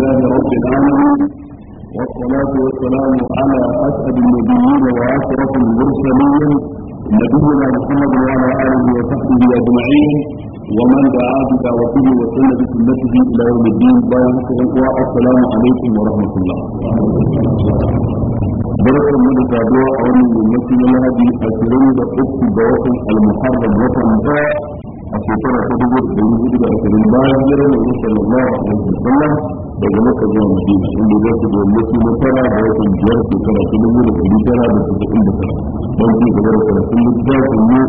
لله رب العالمين والصلاة والسلام على أسعد النبيين وأشرف المرسلين نبينا محمد وعلى آله وصحبه أجمعين ومن دعا بدعوته وسنة بسنته إلى يوم الدين والسلام عليكم ورحمة الله. بركة من da saduwa من wannan yammaci na lahadi ashirin da uku ga shekara ta dubu da dubu da ashirin bayan jiran nabi sallallahu alaihi wasallam daga maka zuwa madina inda za su da lokaci na tara da watan biyar shekara ta dubu da dubu tara da tasa'in da tara don ci gaba da karatun littafin ne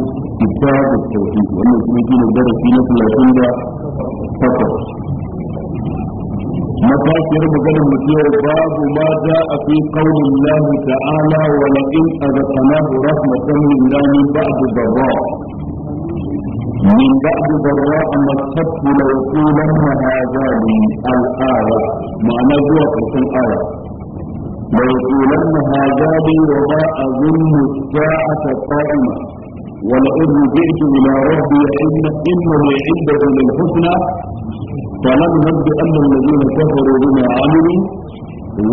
kita da tauhid wannan kuma shi ne darasi na talatin da takwas مكاسر مجرد مدير باب ما جاء في قول الله تعالى ولئن أذقناه رحمة منا من بعد ضراء من بعد ضراء مصدت ليقولن هذان الآية معنى في الآية آية ليقولن هذان وما أظن الساعة قائمة ولئن رجعت إلى ربي إن إنه عنده للحسنى فلم نبد أن الذين كفروا بما عملوا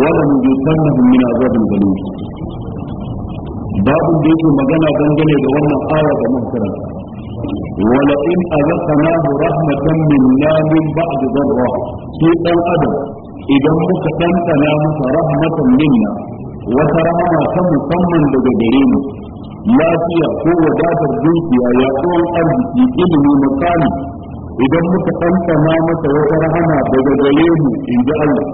ولم يسمهم من عذاب الغليظ باب ديك مجانا دنجلي بوانا آية مهترة ولئن أذقناه رحمة منا من بعد ضراء في الأدب إذا مكتنتنا رحمة منا وترحمة مصمم بجدرين lafiya ko wadatar dukiya ya kowar arziki ilimi makami idan muka tantana masa wata rahama daga gare mu in ji Allah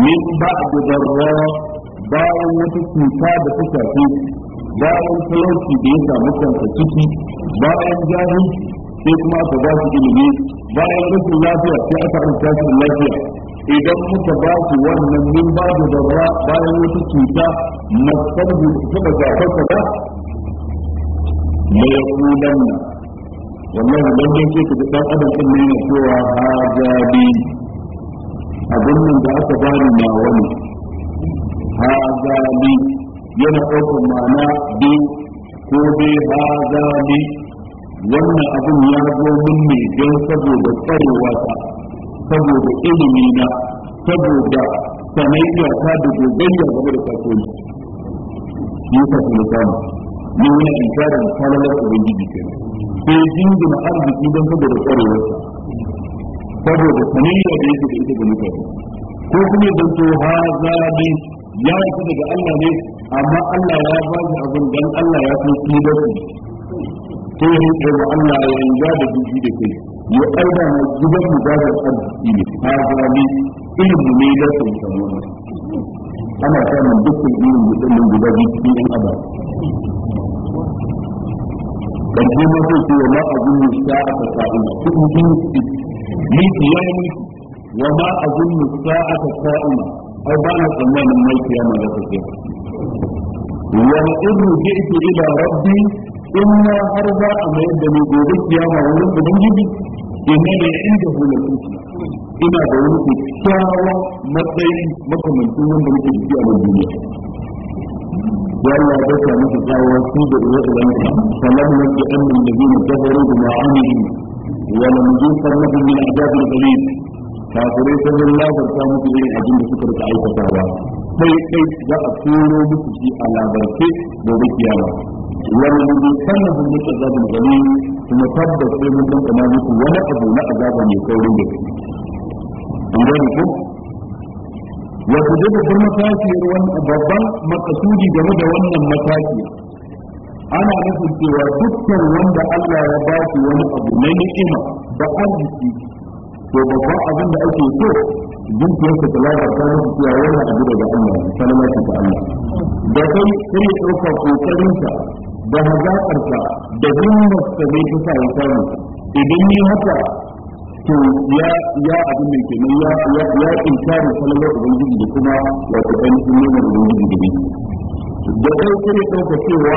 min ba da bayan wata cuta da ta shafi bayan talauci da ya samu kansa ciki bayan jahilci sai kuma aka ba su ilimi bayan rashin lafiya sai aka rubuta su lafiya idan muka ba su wannan min ba da zarra bayan wata cuta masar da su ba jafarsa ba mai yakunan na wannan idan dai ke kaji ɗan adam ɗin ne cewa hajabi abin nan da aka bani na wani hajabi yana ɗaukar ma'ana bi ko dai haza bi wannan abin ya zo min ne don saboda tsarewa ta saboda ilimi na saboda sanayya ta da gogayya game da kasuwanci shi ta fi samu ne wani inkarin kalalar ubangiji ke sai jingina arziki don saboda tsarewa saboda sanayya da yake da ita ga mutane ko kuma zanto haza ne ya fita daga Allah ne amma Allah ya ba shi abin dan Allah ya san shi da shi sai ya ce wa Allah ya yi da jiki da kai ya aida na gidan mu da da arziki ne ta zami ilimi ne da su samu ana samun dukkan irin mutumin guda biyu cikin ɗan adam dan ne ma sai ce wa ma abun sa'a ta ina kun ji ni kiyani wa ma abun sa'a ta ina ai ba na tsammanin mai kiyama da take وإن رجعت إلى ربي إنا أرضى أما يدني جودك يا مولد بنجدي إنا لعنده للحسنى ina da wani kyakkyawa matsayi makamancin wanda muke ciki a duniya والله بك مثل قالوا سيد الرجل فلم يجعل الذين كفروا بما عملوا ولم يجعل من عذاب القليل كافرين الله فرسامك إليه عجل سكرة عيسى تعالى ɗaiɗai za a koro muku shi a labarce gobe kiyama wani mutum sannan mun yi azabin gani kuma tabbas sai mun san kana muku wani abu na azaba mai saurin da kai an gane ko wa ku duka kun mataki wannan babban makasudi game da wannan mataki ana nufin cewa dukkan wanda Allah ya ba shi wani abu na ni'ima da arziki to babban abin da ake so dukiyar ka kula da ta musu cewa yana abu daga Allah kalmatin ta Allah da kai kare ɗaukar kokarin ka da hazaƙar ka da himmar ka zai ta sa ya samu idan ni haka to ya ya abin da kenan ya ya ya inkarin kalmar ubangiji da kuma wato ainihin neman ubangiji da ne da kai kare ɗaukar cewa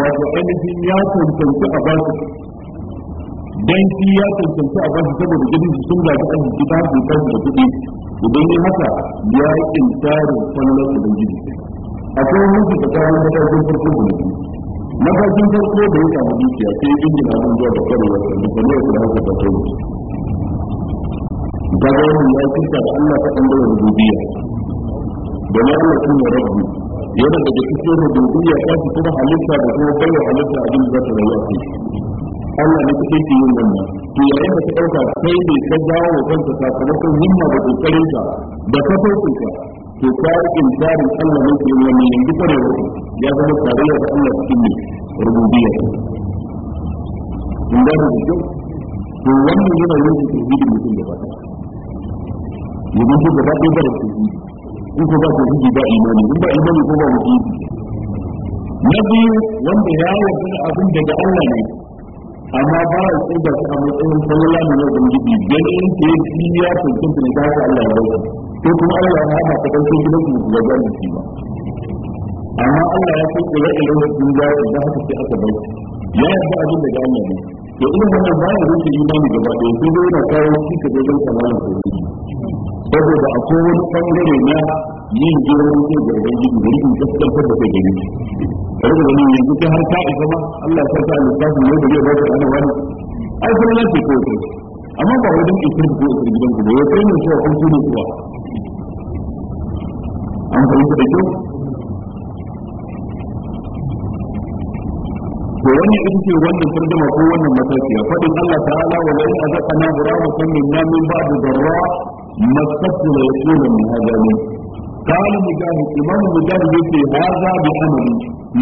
wato ainihin ya cancanci a basu dan shi ya tantance a bashi saboda gidan su sun zaɓi an jiki ta su da kuɗi idan yi haka ya yi tsarin kwallon su da gidi akwai hukunci na matakin farko da yake matakin farko da ya samu dukiya sai ya jingina abin zuwa da kwarewa da kwarewa da ta tsawo ta ga wani ya kirka da Allah ta ɗan da rububiyya da na yi shi ne rabbi yana daga da rububiyya ta fi kuma halitta da kuma bayyana halitta abin da za ta rayuwa a Allah ne ta ke yin wannan to yayin da ka ɗauka kai ne ka dawo kanka sakamakon himma da kokarinka da kafarkinka to ka inkarin Allah ne ke yin wannan yanzu kare ya zama tarayya da Allah cikin ne rububiyya in da ku to wannan yana yin tauhidin mutum da bata yanzu ku gaba ɗaya da tauhidi in ku ba tauhidi ba imani in ba imani ko ba mutum na biyu wanda ya yarda abin daga Allah ne amma ba a ci da a matsayin kwallon da na ubangiji ganin ke shi ya tuntunta ne ta haka Allah ya bauta ko kuma Allah ya hana ta ɗauke gidan su da ba da shi ba amma Allah ya fi ko ya ɗauke da sun jawo da haka sai aka bauta ya yi ba abin da ga Allah ne to ina wannan ba ya rufe yi imani gaba ɗaya sai dai yana kawo shi ka zo don kamalan ko saboda akwai wani ɓangare na yin girman kai da rage gidi da rikin kaskantar da kai gari ka rage wani yanzu kai har ka isa ba Allah ya sa lissafi ne da zai ba ka ana wani ai kuma ya ce kawai kai amma ba wai don isar da kai gidan ku da ya kai ne cewa kun tuni kuwa an fahimta da kyau to wannan ita ce wannan tarjuma ko wannan matakiya fadin Allah ta'ala wa la'in azaqna burama min min ba'd darra masatu la yakunu min hadani قال مجاهد إمام مجاهد يقول هذا بعملي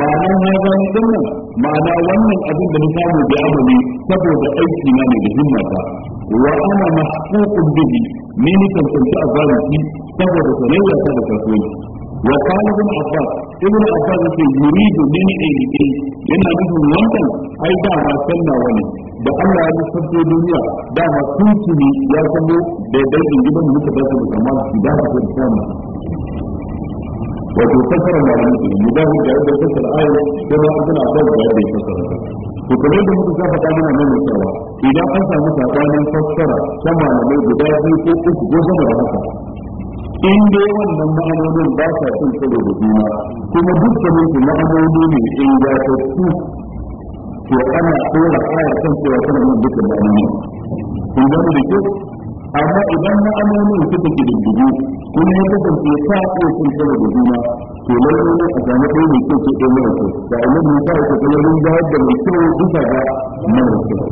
معنى هذا مثلا معنى ومن أبن بنسان بعملي سبب أي إمام بهمة وأنا محقوق به من كنت أظالمتي سبب سنية سبب كويس وقال ابن عباس ابن عباس يريد من ايدي yana nufin wannan ai da ba sallah wani da Allah ya lissafto duniya da ba kuntuni ya zamo da dangin gidan muka ba su da kamar su da su da kama wato fassara na da mutum mu da hu da yadda fassara ayo ko ba abin abin da yadda fassara to kamar da muka sa faɗa mana nan cewa idan an samu sabanin fassara ta malamai guda biyu ko uku ko sama da haka in dai wannan ma'anonin ba sa cin karo da juna kuma dukkanin su ma'anoni ne in ga ta su to ana tsora kaya kan cewa tana yin duka ma'anoni kun gano da kyau amma idan ma'anonin suka ke diddigu kuma ya kasance ta iya cin karo da juna to lallai a samu ɗaya mai kyau ce ɗaya mara kyau da annabi ya sa ya kasance lallai da mai kyau duka ga mara kyau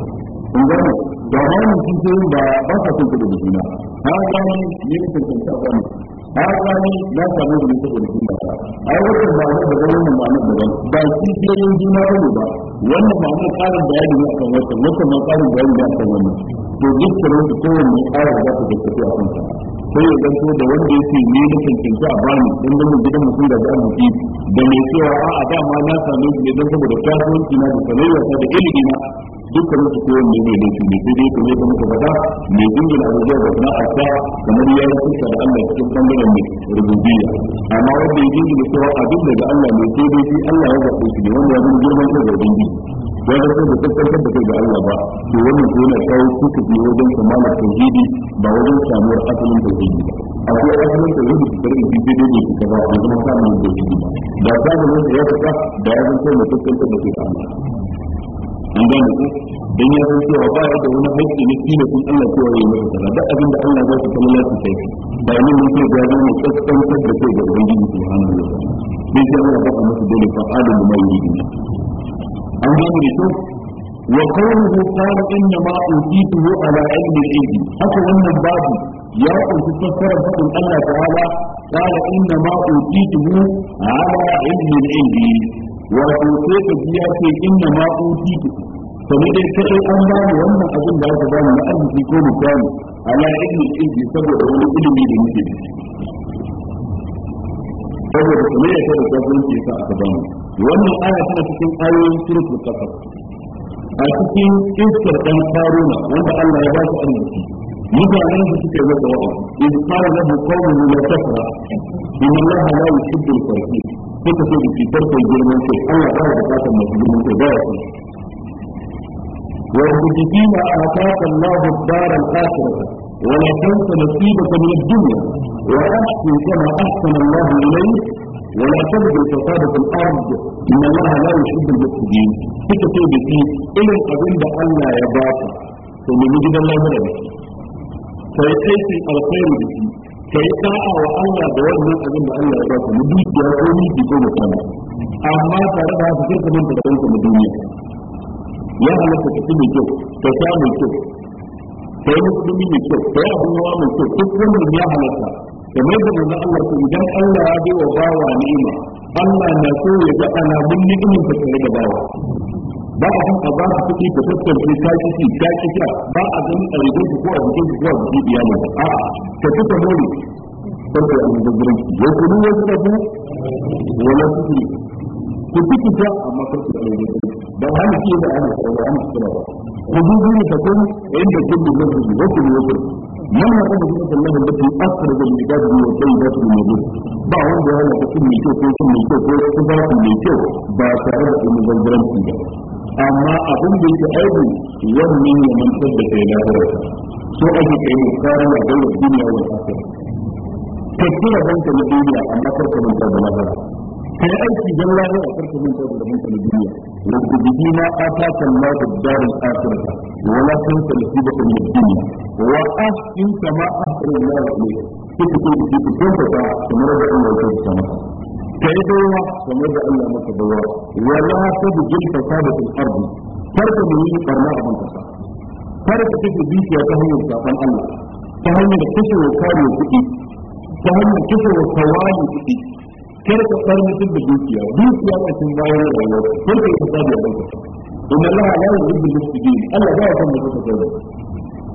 kun gano da ranar kishiyoyin da ba sa son kuɗi da juna har gani ne na tantance a kwanu har gani na samu da nisa da juna a yi wata ba da wani wannan ba nan daban ba kishiyoyin juna ba ne ba wannan ba na ƙarin bayani ne a kan wata wata ma ƙarin bayani ne a kan wannan to duk da wata kowanne ƙarin da ta gaskafi a kan sai ya zanto da wanda yake ne na tantance a bani don ganin gidan mutum da za mu fi da mai cewa a'a dama na same shi ne don saboda kasuwanci na da sanayya da ilimi na dukkanin su kowa ne mai laifi ne sai dai kuma yadda muka faɗa mai dingina abubuwa da kuma asa kamar ya yi kusa da Allah cikin bangaren mai rububiyya amma wanda ya dingina a abin daga Allah mai sai dai shi Allah ya zaɓe shi ne wanda ya zama girman kai da ubangiji ya ga sai da tabbatar da kai da Allah ba to wannan ko yana kawo kuka wajen kamala tauhidi ba wajen samuwar asalin tauhidi ba akwai asalin tauhidi da karin bibiyar da ke ba a zama samun tauhidi ba da samun wanda ya fita da ya zama sai da tabbatar da kai ga Allah an gane ku dan ya san cewa ba da wani haƙƙi shi ne kun Allah cewa ya masa kaza abin da Allah za su kalla ya su sai ba ni ne ke gaji ne kaskantar da kai ga ubangiji subhanahu wa ta'ala bin sai Allah ba masa dole fa adam da mai yi an gane ne ku wa qawluhu qala inna ma utituhu ala ilmi al-ilmi haka wannan babu ya kunshi fassara fadin Allah ta'ala qala inna ma utituhu ala ilmi al-ilmi wato sai ka ji ya ce inna ma uti to ne dai kai an ba ni wannan abin da aka bani na arziki ko misali ala ilmi ilmi saboda wani ilimi da nake da saboda kuma ya kada kafin ke sa aka bani wannan aya tana cikin ayoyin suratul kafar a cikin iskar dan faruna wanda Allah ya ba su arziki mutanen su suka yi masa wa'a in qala lahu qawmun la tafra inna Allah la yuhibbu al-farihim sai ka sai da cutar kai girman kai Allah ba ya آتاك الله الدار الآخرة ولا تنس نصيبك من الدنيا وأحسن كما أحسن الله إليك ولا تبغي كتابة الأرض إن الله لا يحب المفسدين كيف تبغي فيه إلى القبيل ألا يباطل ثم يجد الله ملك فيأتي الخير به ka yi sa'a wa Allah da wannan abin da Allah ya ba ka na dukiya ko miki ko mutum amma tare da haka kirka manta da kanka na duniya ya halatta ka ci kyau ka sha mai kyau ka yi musulmi mai kyau ka yi mai kyau duk wannan ya halatta kamar da manzon Allah ko idan Allah ya bai wa bawa ni'ima Allah na so ya ga alamun ni'imin ka tare da bawa ba a san a ba su kuɗi da tattance ta kici ta kici ba a gani a rigar ko a jikin ko a jikin iyalin a ta fita mori saboda a jikin gurin ya kuɗi ya kuɗa ku wala kuɗi ku kuɗi ta amma kar ku ɗaure da hana ce da ana tsaro ana tsaro ku dubi ne ka kun inda kuɗi na kuɗi ba ku ne wasu من يقوم بسنة الله التي أخرج العباد من الطيبات من الوجود بعضهم يقول لك كل ميتو كل ميتو كل ميتو كل ميتو باكارة المزلزلات amma abin da yake aiki, wannan ne mun tabbata da kai. so ake kai ne kare da dawo duniya da kafin ka kira ta na duniya amma ka mun da lahira kai aiki dan lahira ka mun da ta na duniya wa tubina ataka da darul akhirah wa la kunta nasibaka min dunya wa ahsin kama ahsana Allah ilayka kike kike kike kike kamar da Allah ya tsara kai baiwa kamar da Allah maka baiwa wala tabgil fasada fil ardi farka mu yi barna a ban kasa farka take dukiya ta hanyar zaben Allah ta hanyar kashe wa kare kuɗi ta hanyar kashe wa kawai kuɗi kar ka farmitin da dukiya dukiya a cikin bayan rayuwa kar ka yi fasada a ban kasa inna Allah la yuhibbu al-mufsidin Allah ba ya san mutunta kai yake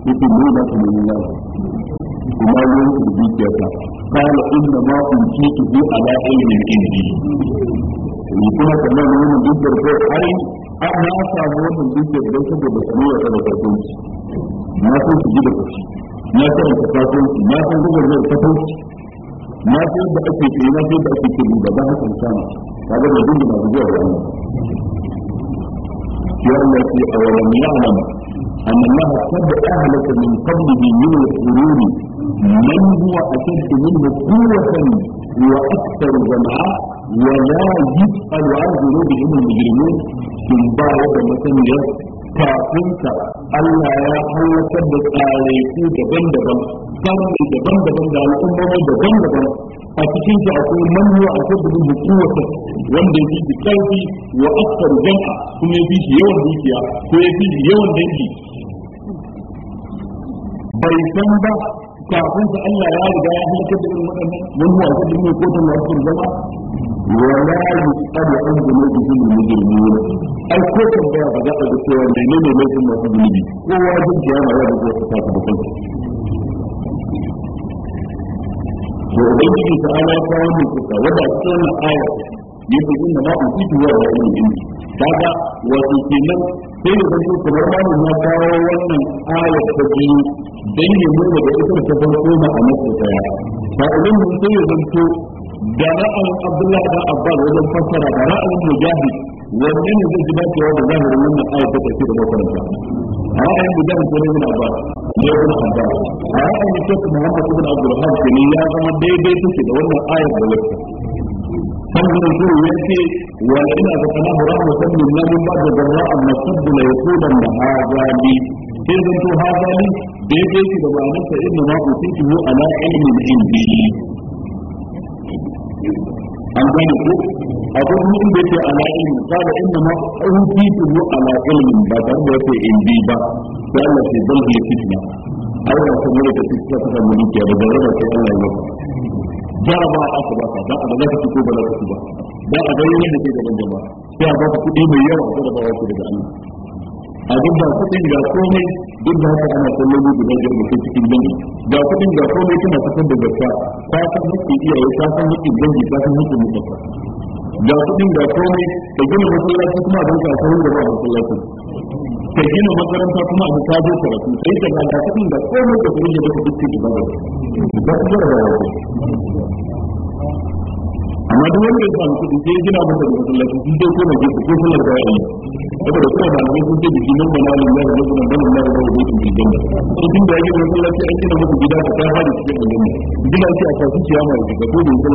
ne ba su ne Allah kuma yin dukiya ta kala inna ma kuntu bi ala ilmin indi ni kuma kamar wannan dukiyar ko ai na samu wannan dukiyar don saboda saniyar ta da kasuwanci na san su ji da kashi na san ta kasuwanci na san gubar mai kasuwanci na san da ake kiri na san da ake kiri da أن الله قد أهلك من قبله من القرون من هو أشد منه قوة وأكثر da ولا يسأل عن ذنوبهم المجرمون من بعد مثلا kafinta Allah ya halakar da tsaraiku daban-daban sarri daban-daban da al'ummomi daban-daban a cikin shi akwai manyo a sabbin hukumata wanda ya fi karfi wa aksar jama'a kuma ya fi shi ko ya fi shi yawan dangi bai san ba kafin sa Allah ya riga ya halakar da irin waɗannan mun huwa ta dinne ko ta masu zama wala yusabu an zunubi min mujrimin ai ko kan ba ba za a ga cewa menene laifin masu zunubi kowa duk ya ma ya da ko ta ta da kansa to ubangiji ta ala ta wani kuka wanda a na wannan aya yake inda ma ubidu wa ilmi kaga wato kenan sai da zanto kamar mamu na kawo wannan ayat ta biyu don ya nuna da ita ta farko na a masu daya ba idan mun sai ya zanto da ra'ayin da abbas wajen fassara da ra'ayin mujahid wanne ne zai ji dacewa da zahirin wannan ayat ta farko da makaranta ra'ayin mujahid ko ne abbas ne abbas ra'ayin muhammad ibn abdul ne ya zama daidai take da wannan ayat da فانظر شو يكفي ولئن أذقناه رحمة منا da بعد ضراء نصب ليقولن هذا لي sai zan to haza ne daidai ki da ma'anar sa inna ma utitu mu ala ilmin indi an gane ko akwai kuma inda yake ala ilmin kada inna ma utitu mu ala ilmin ba tare da yake indi ba sai Allah sai bal fitna ta mu ne ke da gaba da Allah jaraba a aka baka ba a zaka ci ko ba zaka ci ba a gani ne ke gaban jama'a sai a baka kuɗi mai yawa jarabawa ce daga Allah a duk da kuɗin ga komai duk da haka ana kallon mu guda biyar mutum cikin dangi ga kuɗin ga komai tana fitar da zakka ka san mutum iyaye ka san mutum dangi ka san mutum mutum ga kuɗin ga komai da gina masallaci kuma a danka a sanin da ba masallaci ka gina makaranta kuma a misali karatu sai ka ga da da komai da da ki ba da ba ku da ba amma duk samu sai gina masa da masallaci shi dai ko na ko da saboda kuma da sun da na da da na da na da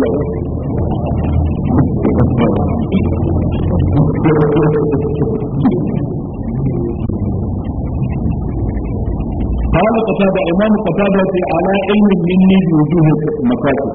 na a kafin da قال قتادة إمام قتادة على علم مني بوجوه مكاتب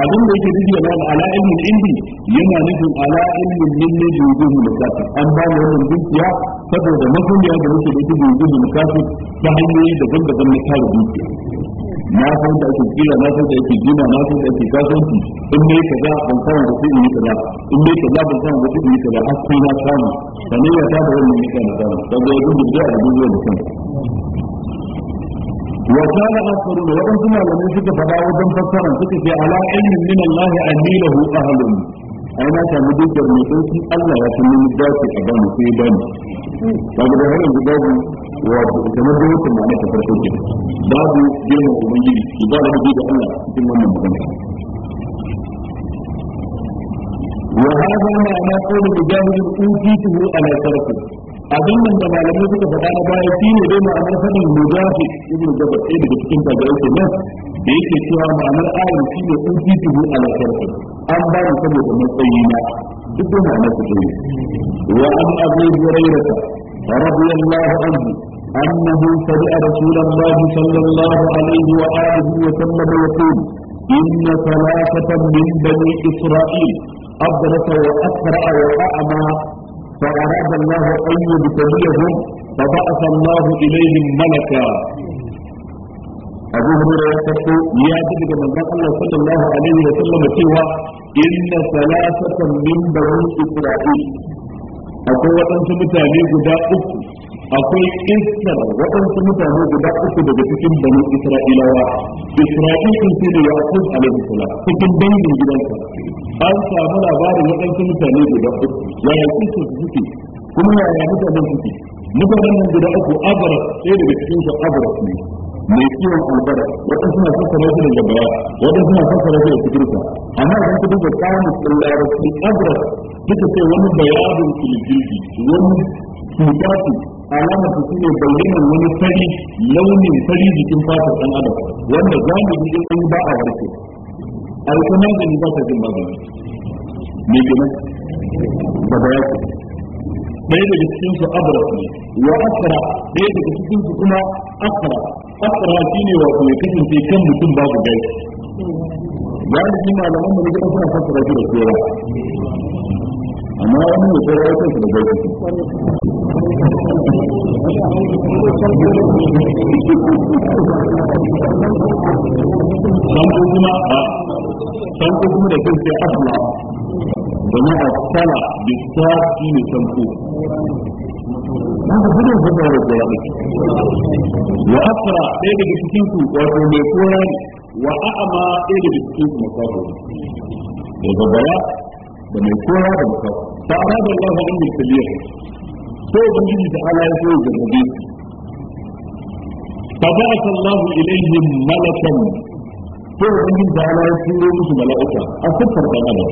abin da yake nufi yana ala ilmin indi yana nufin ala ilmin minni da yuzu mu lissafi an ba mu wannan dukiya saboda masaniya da muke da yuzu mu lissafi ta hanyoyi daban-daban na kare dukiya na san da ake kila na san da ake gina na san da ake kasuwanci in ne kaza ban san da su yi kaza in ne kaza ban san da su yi kaza har sai na samu sanayya ta da wannan nika na samu da a da duniya da وقال آخرون وأنتم لم يشك فلا وزن فسرا سكت على علم من الله أهله أهل أنا كمدد من سوكي الله يكون من الداسي أبان في بني فقد هنا الجباب وكمدد وكم معنا كفرشو كده باب جيمة أبنجيلي إبارة بجيد الله ثم من مغنى وهذا ما أنا قول بجاهد أوتيته على تركه abin nan da malamai suka faɗa na baya shi ne dai ma'anar fadin mujafi ibn jabal ɗaya daga cikin tabi'ai ke nan da yake cewa ma'anar ayar shi ne in fi tuhu ala sharfi an ba mu saboda matsayi na duk da ma'anar su ne wa an abu hurairata radiyallahu anhu أنه سمع رسول الله صلى الله عليه وآله وسلم يقول إن ثلاثة من بني إسرائيل أبرص وأسرع وأعمى فأراد الله أن يبتليهم فبعث الله إليهم ملكا أبو هريرة يقول يا تلك من الله صلى الله عليه وسلم سوى إن ثلاثة من بني إسرائيل أقوى أنت متابعي قداء akwai iskar waɗansu mutane guda uku daga cikin bani isra'ilawa isra'ilun su ne yaƙub alaihi cikin dangin gidansa an samu labarin waɗansu mutane guda uku yaya su suke kuma yaya mutane suke mutanen nan guda uku abara sai daga cikin su abara ne mai kiwon albara waɗansu na sassa na daga gabara waɗansu suna fassara shi da kudurka amma idan ka duba kamus ɗin su abara duka sai wani bayanin filifili wani cuta alama su shine bayyanar wani fari launin fari jikin fatar ɗan adam wanda za mu ji an ba a warke alƙanar da ni ba ta jin babu me kenan ba da yake ɗaya daga cikin su abra wa akra ɗaya daga cikin su kuma akra akra shine wato ya kasance kan mutum babu gaisa galibin malaman mu ne suna fassara shi da kowa amma wani ya kira wata shi da zai can ko kuma a can ko kuma da kai sai asla domin a tsala da ta shi ne can ko Naka kuma da kuma da kuma wa asra ɗaya daga cikin su wato mai kora ne wa a'ama ɗaya daga cikin su makaho da gabara da mai kora da makaho فأراد الله أن يبتليه فهو الله تعالى يقول بالحديث فبعث الله إليهم ملكا فهو الله تعالى يقول مثل ملائكة أكثر بغدا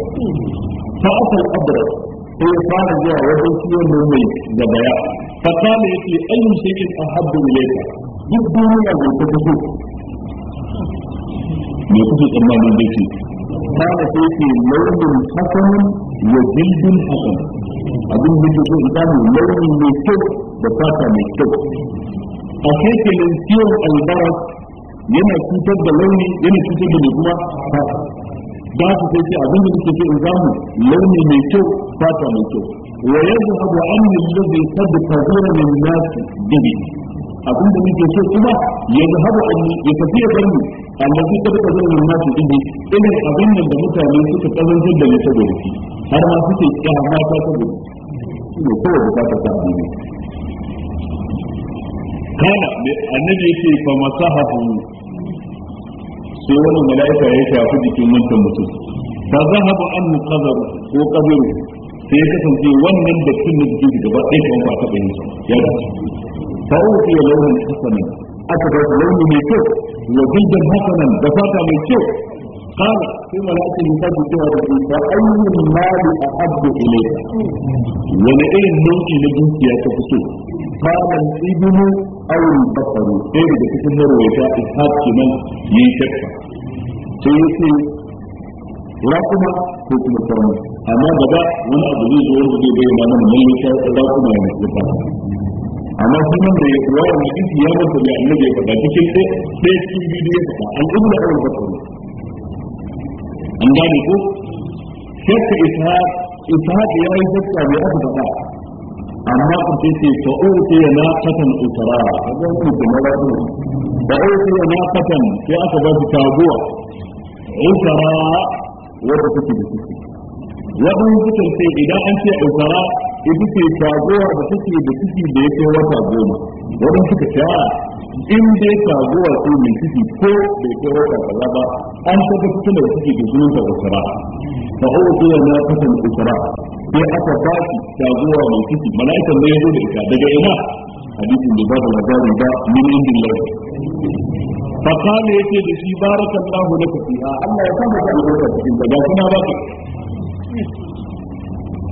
فأتى الأبرة sai قال zuwa wajen siyan mai جبايا فقال fakala أي شيء أحب إليك a دوني أبو duk duniya mai ta fito kana sai launin hasanin ya jildin hasan abin da ke idamu launi mai kyau da fata mai albaras yana cutar da launi yana cutar da kuma ba su sai ce abin da ke in zamu launi mai kyau fata mai kyau wa yanzu abu an da zai sabu kazura mai nasi bibi abin da muke so kuma ya zahabu anni ya tafi ya bani allazi kada ka zama nasu ibi irin abin nan da mutane suka kazantar da ni saboda shi har ma suke kyama ta saboda shi ne kawai bukatar ta ne kana annabi yake fa masahahu sai wani mala'ika ya shafi jikin wancan mutum fa zahabu an qadar ko qadar sai ya kasance wannan da kin da gaba ɗaya kan ba ta bayyana ya فأوتي لون حسن أكبر لون ميكوك وجلدا حسنا بفاتا ميكوك قال في ملائكة المساجد سوى ربي فأي المال أحب إليك ولئن نوت لجنس يا تفسير قال الإبن أو البطر إيه بكتن مرويتا إسحاق كمان يشفى سيسي راكما كنتم الكرامة أما بدأ wani abu zai zo wanda zai bayyana amma sunan da ya kuwa hadisi ya mutu da annabi ya faɗa cikin ɗaya cikin bidiyo ya faɗa an ibnu abul bakr an gane ko shakka isa ya yi shakka bai aka faɗa amma ku ce ce fa urti ya naqatan usra kaga ku da malaka fa urti ya naqatan sai aka ba su taguwa usra wanda kuke da kuke wadan kuke ce idan an ce usra ita ce taguwa da take da ciki da ya kai wata goma wadda suka ce in dai taguwa ce mai ciki ko da ya kai wata kaza ba an taɓa cikin da ciki da sunan ta usara fa o ko ya na kasan usara sai aka ba shi taguwa mai ciki mala'ikan ne ya zo da ita daga ina hadisin da babu labari ba min indillah fa ya yake da shi barakallahu na fiha Allah ya saka ka albarka cikin ta ga kuma ka?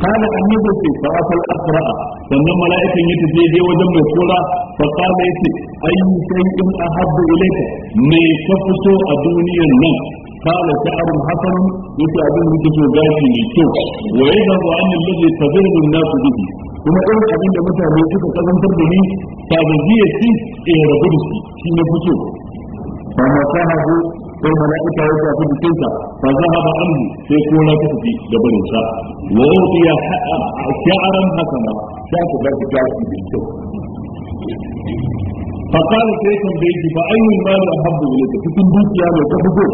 قال أن يبكي فأتى الأقرع فلما ملائكة يتجيدي وجم يقول فقال يتي أي شيء أحب إليك ما كفتو الدنيا النوم قال شعر حسن يتي أبن يتجو جاشي يتو ويذهب عن الذي تضرب الناس به kuma irin abin da mutane suka kazantar da ni ta gajiya shi in rabu da shi shi na fito fa masahahu sai mala'ika ya tafi cikin sa fa zahaba amri sai ko na ku fi da barin sa wa wuti ya hada a sha'aran hasana sha ku da ku tafi da kyau fa kana sai kan da yake fa ayyul mali ahabbu ilayka cikin dukiya ne ta fito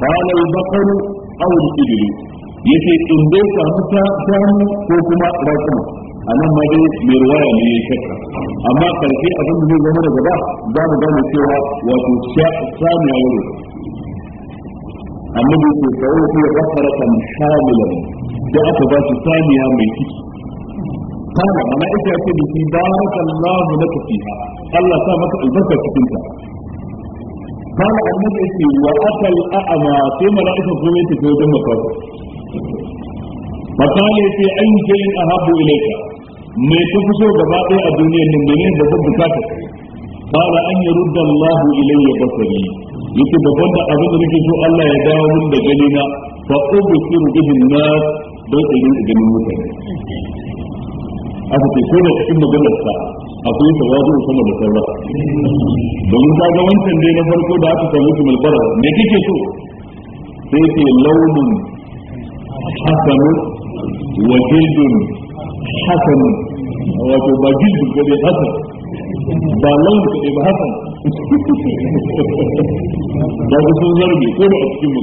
fa la yubqal aw al-ibli yake tunde ka shanu ko kuma rakuma anan ma dai mai ruwaya ne ya shakka amma karfi abin da zai zama daga ba za mu gane cewa wato sha'a sha'a ne annabi ce sai ya fiye bakara kan hamilan da aka ba shi saniya mai ciki kana mana ita ce da shi barakallahu laka fiha Allah sa maka albarka cikin ta kana annabi ce wa akal a'ma sai mala'ika ko mai ta wajen makafu fakale sai an jirin ahabu ilaika mai ta fito gaba ɗaya a duniyar nan da ne da zan bukata kana an yarudda Allahu ilayya basari yake babban da abin da nake so Allah ya dawo mun da gani na fa ubsiru bihin nas don su rinka ganin mutane aka ce ko da cikin maganar sa akwai tawazu sama da sarra don ka ga wancan dai na farko da aka samu kimar bara me kike so sai ce launin hasanu wa jildun hasanu wato ba jildun gade hasan ba launin kaɗai ba hasan da su sun zargi ko da a cikin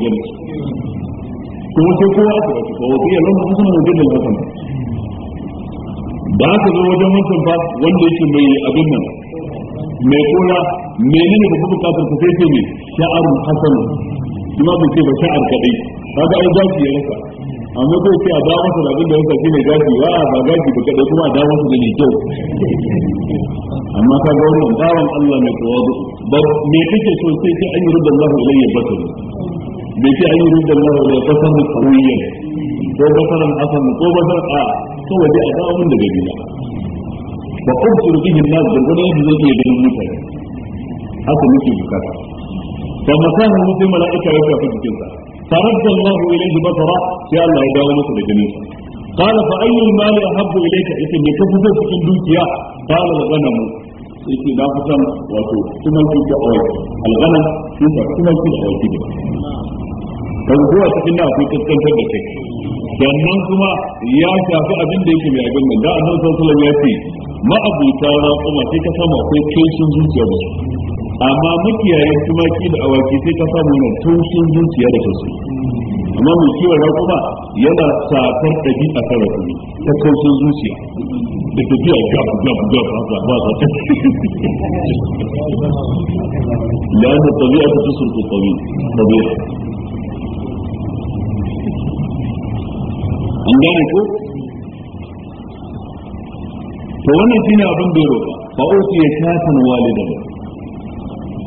ko yalan ba da ba ka zo wajen wancan ba wanda yake mai abin nan mai kora menene ba kuma kafin ka sai ce mai sha'arun hasan kuma bai ce ba sha'ar kadai su ya rasa amma zai ce a da masa da abin da ya sauki ne gaji wa ba gaji ba kadai kuma a da masa da ne kyau amma ka ga wannan bawan Allah mai tawadu ba me kake so sai sai an yi rubda Allah ilayya basar me ce an yi rubda Allah ilayya basar kawiyyan ko basaran asan ko basar a kawai dai a dawo mun da gari na ba su bihin nas da gudan yadda zai iya ganin mutane haka muke bukata ba masahin mutum mala'ika ya shafi jikinsa فرد الله إليه بصره يا الله يداومك بجنينه قال فأي المال أحب إليك إذا يكفز في الدنيا قال الغنم yake na kusan wato tumaki da awaki algana tuka tumaki da awaki ne kan zuwa cikin na akwai kaskantar da kai kuma ya shafi abin da yake mai abin nan da annabi sallallahu alaihi wasallam ya ce na kuma sai ka samu akwai kaishin zuciya da su amma makiyayin tumaki da awaki sai ka samu yana taushin zuciya da tausayi amma mai kiwon rakuma yana safar ɗabi a kan rakumi ta taushin zuciya da tafiya gab gab gab haka ba sa ta lana tabi'a ta tusur ku tabi'a an gane ko to wannan shine abin da ya roƙa fa usiya katan walidan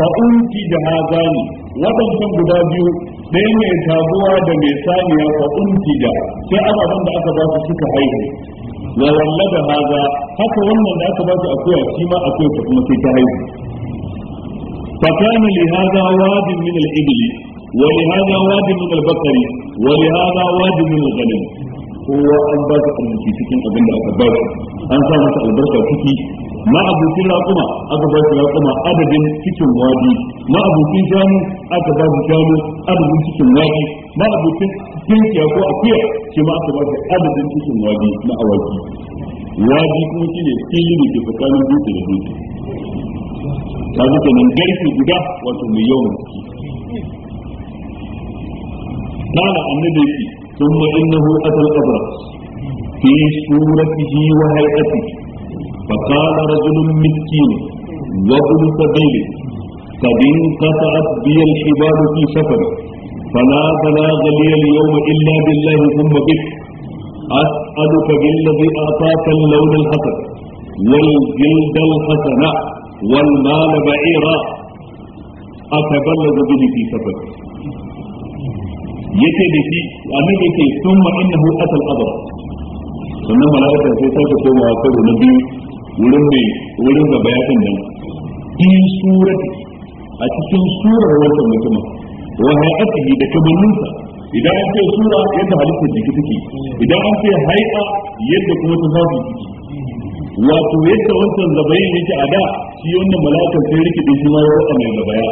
fa da da hazani waɗancan guda biyu ɗaya mai taguwa da mai saniya fa unki da sai ababen da aka ba su suka haihu wa da haza haka wannan da aka ba su akuya shi ma akuya ta kuma sai ta haihu فكان لهذا واد من الإبل ولهذا واد Kowa an ولهذا واد cikin abin da aka أمتي سكين أبن أكبر أنسى albarka ciki. ma abokin raƙuma aka ba shi raƙuma adadin cikin wadi ma abokin shanu aka ba shi shanu adadin cikin wadi ma abokin kinkiya ko akuya shi ma aka ba shi adadin cikin wadi na awaki wadi kuma shi ne fili da ke tsakanin dutse da dutse ta zuke nan garfi guda wato mai yawan kala annabi yake ثم انه اتى القبر في صورته وهيئته فقال رجل مسكين وابن سبيل قد انقطعت بي الحبال في سفر فلا بلاغ لي اليوم الا بالله ثم بك اسالك بالذي اعطاك اللون الحسن والجلد الحسن والمال بعيرا اتبلغ به في سفر yace da shi annabi yake sun ma innahu atal abra sannan mala'ika sai ta koma karo na biyu wurin mai wurin gaba ya nan in surati a cikin surar wannan mutumin wa hayatihi da kabalinsa idan an ce sura yadda halitta jiki take idan an ce haifa yadda kuma ta zafi jiki wato yadda wancan zabayin yake a da shi wannan malakan sai rike da shi ma ya rasa mai zabaya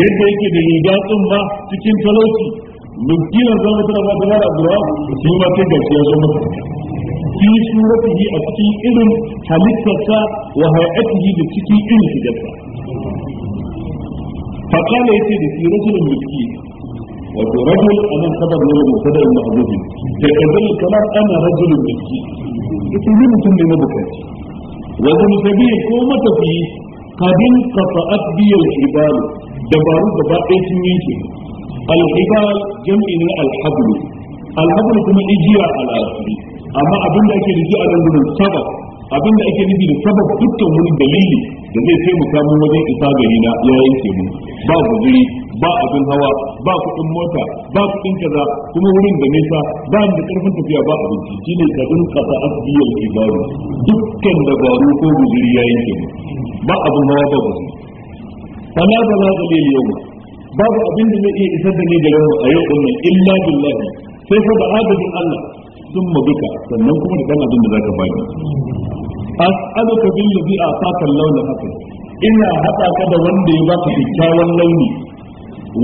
yadda yake da riga tsin ba cikin talauci mutum zama tana ba da mara abuwa shi ma sai gashi zama zo fi suratihi a ciki irin halittarsa wa hayatihi da ciki irin shigarsa fa kana yace da shi rajulun miskin wato rajul anan kabar ne da sadar mahdubi da kabar kamar ana rajulun miskin ita ne mutum ne mabukaci wa zan tabi ko matafi kadin qata'at bi al-ibal dabaru gaba ɗaya sun yanke al-ibal jam'i ne al kuma amma abin da ake nufi a dangunan sabab abin da ake nufi da sabab dukkan wani dalili da zai taimaka mu wajen isa gari na ya yanke mu ba guzuri ba abin hawa ba kuɗin mota ba kuɗin kaza kuma wurin da nesa ba da karfin tafiya ba abinci shine kadin kasa asbiyar ibaru dukkan dabaru ko guzuri ya yanke mu ba abin hawa ba guzuri fala da za ka yau babu abin da zai iya isar da ni yau a yau ɗin nan illa billahi sai fa da adadin Allah summa bika sannan kuma da dan abin da zaka bani as'aluka bil ladhi ataka al-lawna hasan ina hada ka da wanda ya baka kyakkyawan launi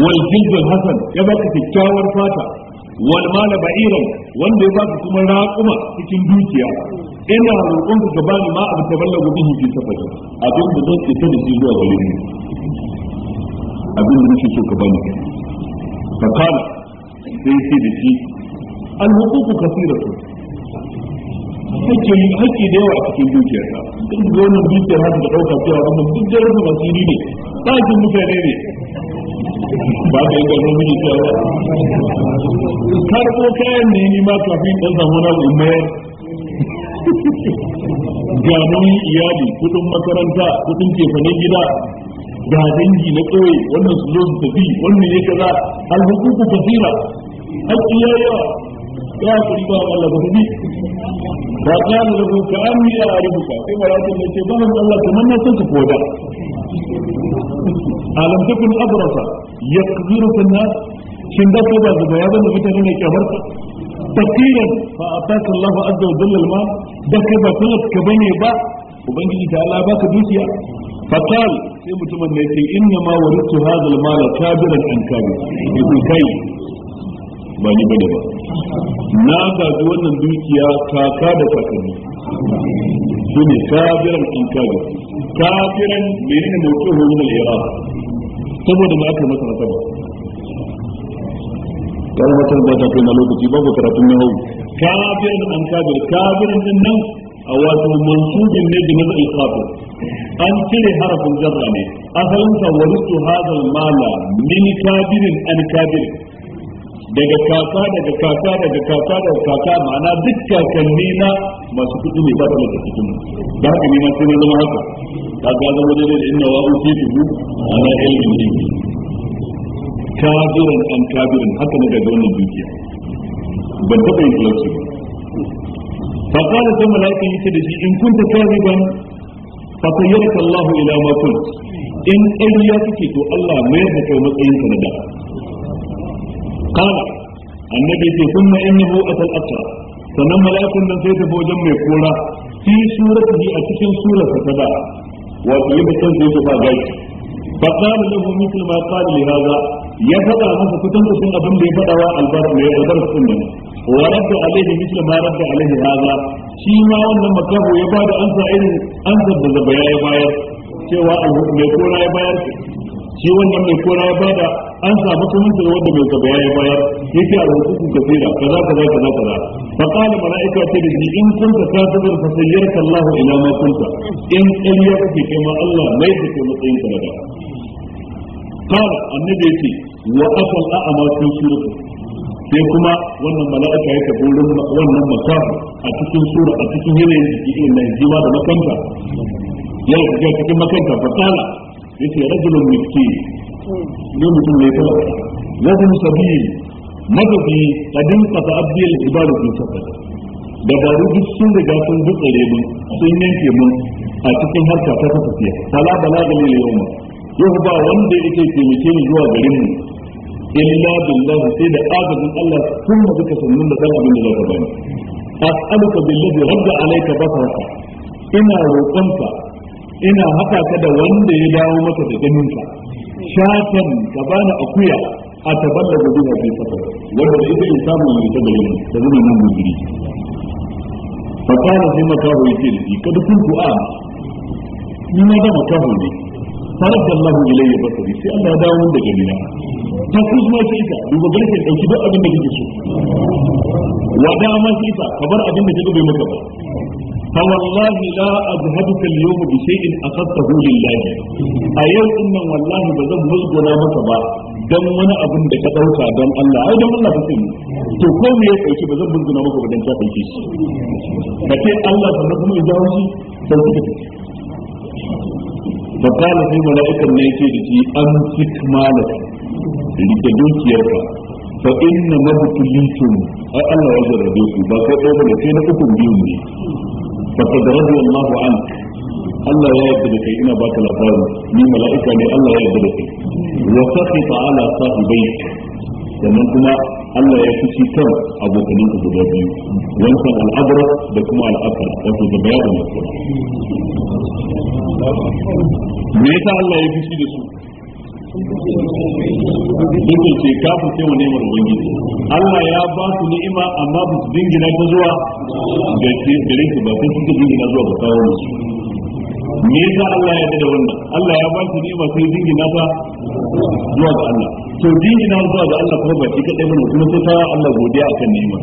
wal jildul hasan ya baka kyakkyawar fata wal mala ba'iran wanda ya baka kuma raquma cikin dukiya ina roƙon ka bani ma abu taballagu bihi fi safari abin da zan fita da shi zuwa gare ni abin da nake so ka bani fa kana sai sai da shi alhuququ kathiratu hakki hakki da yawa a cikin dukiyar ka duk da wannan dukiyar haka da dauka cewa wannan duk da ne ɗakin mutane ne ba ka yi gano mini cewa karɓo kayan ne ni kafin ɗan iyali kuɗin makaranta kuɗin kefane gida ga dangi na ƙauye wannan su zo su tafi wannan ya kaza alhukuku kasira hakki ya yawa ya ku ba Allah ba ni ba kana da ku ka an ya arifuka sai malakin ne ce ba Allah kamar na san ku koda alam takun abrasa yaqdiru fi nas shin da ko ba zuba ya bane mutane ne kamar takiran fa ataka Allah azza wa jalla almal da ka ba kullak ka bane ba ubangiji ta Allah baka dukiya fatal sai mutumin ne ce inna ma waritu hadha almal kabiran an kabir ibn kai ba ni bane ba na gaji wannan dukiya kaka da kakanni shi ne kafiran in kaji kafiran menene mai kyau hulun al'ira saboda ma aka yi masa nasaba wata da ta kai na lokaci babu karatun na hau kafiran an kaji kafiran din nan a wato mansubin ne da mazal kafir an cire harafin jarra ne asalin sa warisu hadal mala min kabirin an kabirin daga kaka daga kaka daga kaka daga kaka ma'ana duk kakanni na masu kuɗi ne ba da cikin da haka ne ma sai na zama haka kaga zama daidai da inna wa'u fi tuhu ana ilmin ilmi Kabirin an kabirin haka na daga wannan dukiya ban taɓa yin talauci ba fa kana sai yi yace da shi in kunta kaziban fa kayyarka Allahu ila ma kunt in ya kake to Allah mayar da kai matsayin ka na da qala annabi ce kuma innahu atal aqsa sannan mala'ikun nan sai tafi wajen mai kora fi suratihi a cikin surar ta da wato yi mutum sai su ba gaji fa qala lahu mithl ma qala li hadha ya faɗa masa kutan kusan abin da ya faɗa wa albar mai albar sun ne wa radda alaihi mithl ma radda alaihi hadha shi ma wannan makaho ya ba da ansa irin ansa da zabaya ya bayar cewa mai kora ya bayar shi wannan mai kora ya bada an samu kuma da wanda mai gaba ya bayar yake a rubutu kafira kaza kaza kaza kaza fa qala malaika ta da ni in kunta kafir fa sayyarka Allah ila ma kunta in ƙarya kake kai ma Allah mai da kai matsayin ka daga qala annabi yace wa asal a'ma fi surati sai kuma wannan mala'ika ya tafi wurin wannan makafu a cikin sura a cikin yanayin jiki irin na jima da makanta ya tafiya cikin makanta fa qala yace rajulun miskin ni mutum ne kala wa hum sabil madabi kadin qata abdil ibadu fi safar dabaru duk sun riga sun dutsare mun sun yanke mun a cikin harka ta tafiya fala bala galil yawma yau ba wanda yake taimake ni zuwa garin mu illa billahi sai da azabin Allah sun da suka sannin da abin da zaka bani as'aluka billahi radda alayka basaraka ina roƙonka ina haka ka da wanda ya dawo maka da ganinka shatan ka bani akuya a taballa da duniya fi fata wanda shi ita samu ne ta gari da zuma nan mun giri fa kana sai makaho yake da shi kada kun du'a ni na ga ho ne farad Allah ilayya basari sai Allah ya dawo da gina ta kuma shi ka duba garke dauki duk abin da kike so da ma shi ka kabar abin da kike bai maka ba فوالله لا أذهبك اليوم بشيء أخذته لله أيوم إن والله بزن مزقنا مصبا dan wani abin da ka dauka don Allah ai don Allah kake yi ko me ya kauce ba zan burguna maka ba dan ka kauce shi ka ce Allah sannan kuma ya jawo shi sai ka fa kana sai mala'ikan ne da shi an sik malak rike dukiyarka fa inna mabtulitum ai Allah ya jarrabe ku ba na فقد رضي الله عنك الله لا يبدلك إنا باك الأفضل من ملائكة من الله لا يبدلك وسخط على صاحبيك ومن ثم الله يكشي كم أبو كنين أبو دابي وانسان العبرة بكما على أفضل وانسان زبيار المسؤول ميتا الله يكشي دسوك yake ce kafin sai wa neman ubangiji Allah ya ba su ni'ima amma ba su dingina ta zuwa ke su ba sai suka dingina zuwa ba kawo musu me yasa Allah ya da wannan Allah ya ba su ni'ima sai dingina ta zuwa ga Allah to dingina zuwa ga Allah kuma ba shi kadai bane kuma sai ta Allah godiya akan ni'ima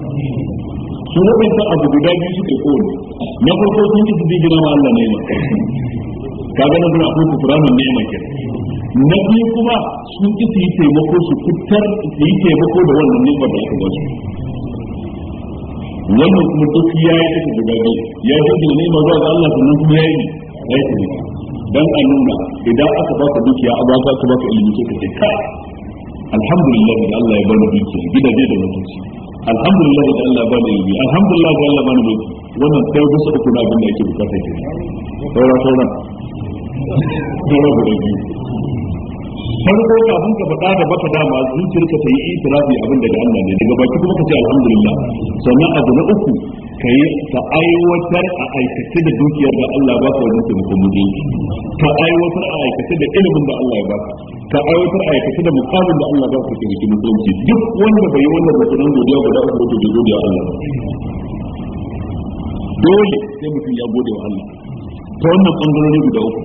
su waɗansa abu guda biyu suka kowane na farko sun ji su dingina wa Allah ne ga na nan akwai kufuranin ni'ima kenan na biyu kuma sun ki su yi taimako su fitar su yi taimako da wannan nufar da aka ba wannan kuma duk ya yi aka guda biyu ya yi da nema zuwa ga Allah sannan kuma ya yi ya yi taimako dan a nuna idan aka baka dukiya a baka ka baka ilimi sai ka ce ka alhamdulillah da Allah ya bani dukiya gidaje da mutunci alhamdulillah da Allah ya bani ilimi alhamdulillah da Allah ya bani mulki wannan sai wasu da kuma abin da yake bukata ke sauran sauran sauran farko kafin ka faɗa da baka dama zuciyarka ta yi itirafi abin daga Allah ne daga baki kuma ka ce alhamdulillah sannan abu na uku ka yi ka aiwatar a aikace da dukiyar da Allah ba ka wajen taimakon mutunci ka aiwatar a aikace da ilimin da Allah ya ba ka aiwatar a aikace da mukamin da Allah ba ka taimakon mutunci duk wanda bai yi wannan rukunan godiya guda uku da godiya Allah dole sai mutum ya gode wa Allah ta wannan bangarori guda uku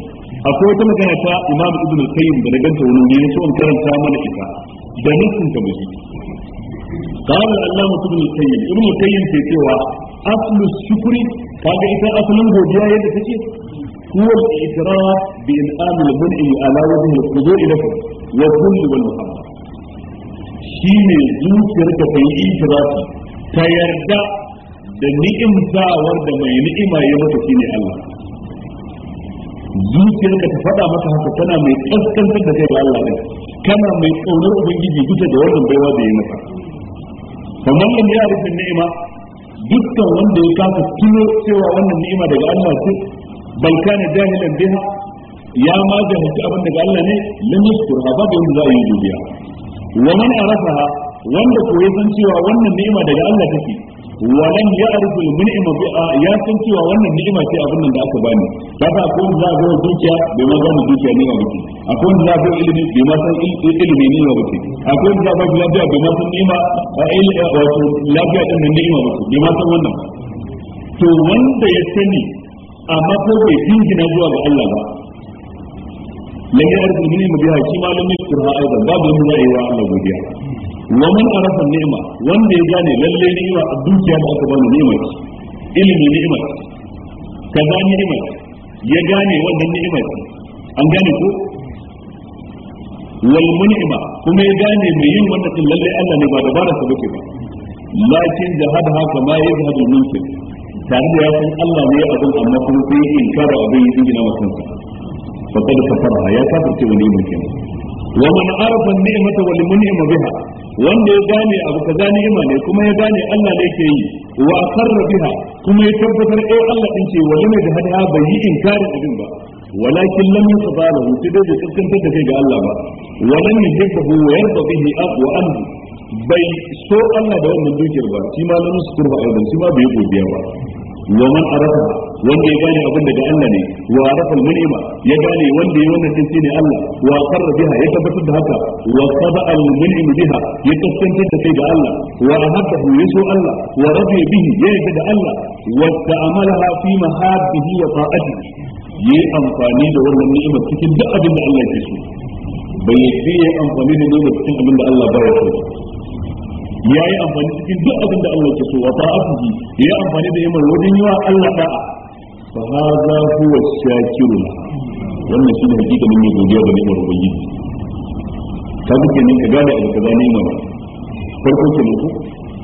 akwai wata magana ta imam ibn al-qayyim da ganta wani ne yaso an karanta mana ita da nufin ta mushi قال العلامة ابن القيم ابن القيم في سوى ta الشكر قال إذا أصل الهدية يدفشي هو الاعتراف بإنعام المنعم على وجه الخضوع له والذل والمحبة shine zuciyarka ta yi itirafi ta yarda da ni'imtawar da mai ni'ima ya mata shine Allah da ta faɗa maka haka tana mai kaskantar da kai ga Allah ne kana mai ƙaunar ubangiji bisa da wannan baiwa da ya maka kamar ya ya'rif ni'ima dukkan wanda ya kasa tuno cewa wannan ni'ima daga Allah ce bal kana jahilan biha ya ma jahilci abin daga Allah ne na yashkur ha babu yanda za a yi dubiya wa man wanda ko ya san cewa wannan ni'ima daga Allah take walan ya arzu ni'ima bi ya san cewa wannan ni'ima ce abin nan da aka bani kaga akwai wanda za a dukiya bai ma ga dukiya ne ba kike akwai wanda za ilimi bai ma san ilimi ne ba kike akwai wanda za a bayar lafiya bai ma san ni'ima eh, wato lafiya din nan ni'ima ba bai ma san wannan to wanda ya sani amma ko bai na zuwa ga Allah ba lan ya arzu ni'ima biha shi ma lam aidan babu wanda zai yi wa Allah godiya wa man arafa ni'ma wanda ya gane lalle ni'ima a dukiya da aka bani ni'ima ilimi ni'ima kaza ni'ima ya gane wannan ni'ima an gane ko wal mun'ima kuma ya gane mai yin wannan din lalle Allah ne ba dabara sa bace ba lakin jahad haka ma ya jahad mulkin tare da ya san Allah ne abin amma kuma sai ya inkara abin yi gina wa kansa fa kada kafara ya kafirce wani mulkin wa man arafa ni'mata wal mun'ima biha wanda ya gane abu kaza ima ne kuma ya gane Allah ne ke yi wa akarra biha kuma ya tabbatar eh Allah din ce wani mai da hada bai yi inkarin abin ba walakin lam yatabalahu sai dai bai da kai ga Allah ba walan yuhibbu wa yarda bihi aqwa an, bai so Allah da wannan dukiyar ba shi ma lamu kurba ba aidan shi ba bai godiya ba wa man wanda ya gane abin daga Allah ne wa arafa al ya gane wanda ya wannan din ne Allah wa qarra biha ya tabbatar da haka wa qada al biha ya kasance da kai ga Allah wa ahabbahu yaso Allah wa rabi bihi ya yarda da Allah wa ta'amalaha fi mahabbihi wa ta'atihi yi amfani da wannan ni'imar cikin duk abin da Allah ke so bai yi amfani da ni'imar cikin abin da Allah ba ya so ya yi amfani cikin duk abin da Allah ke so wa ta'atuhi ya yi amfani da yamar wajen yi wa Allah da'a fa hadha huwa shakirun wannan shi ne hakika ne godiya ga ni'imar yi ta duke ne ka gane abu kaza ni'ima ba farko ke nufu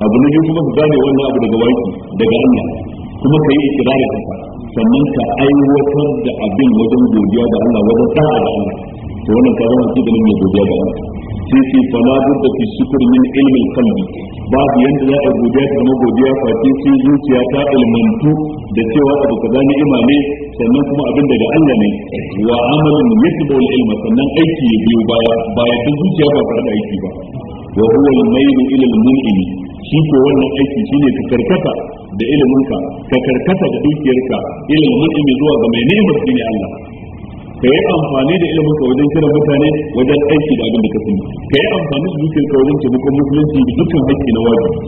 abu na biyu kuma ku gane wannan abu daga waki daga Allah kuma ka yi ikirarin ka sannan ka aiwatar da abin wajen godiya da Allah wajen ta'a. da Allah to wannan ka zama cikin mai godiya ga Allah sai sai fala budda fi shukr min ilmi al ba babu yanda za a godiya ta zama godiya face sai zuciya ta ilmantu da cewa abu kaza ni'ima ne sannan kuma abin daga Allah ne wa amalun yatbu ilma sannan aiki ya biyo baya baya duk zuciya ba tare aiki ba wa huwa al-mayl ila al-mun'im shi ko wannan aiki shine ka karkata da iliminka ka karkata da dukiyarka ilimin mu'min zuwa ga mai ni'imar shine Allah ka yi amfani da ilimin ka wajen kira mutane wajen aiki da abin da ka sani ka yi amfani da dukkan ka wajen taimakon musulunci da dukkan haƙƙi na wajibi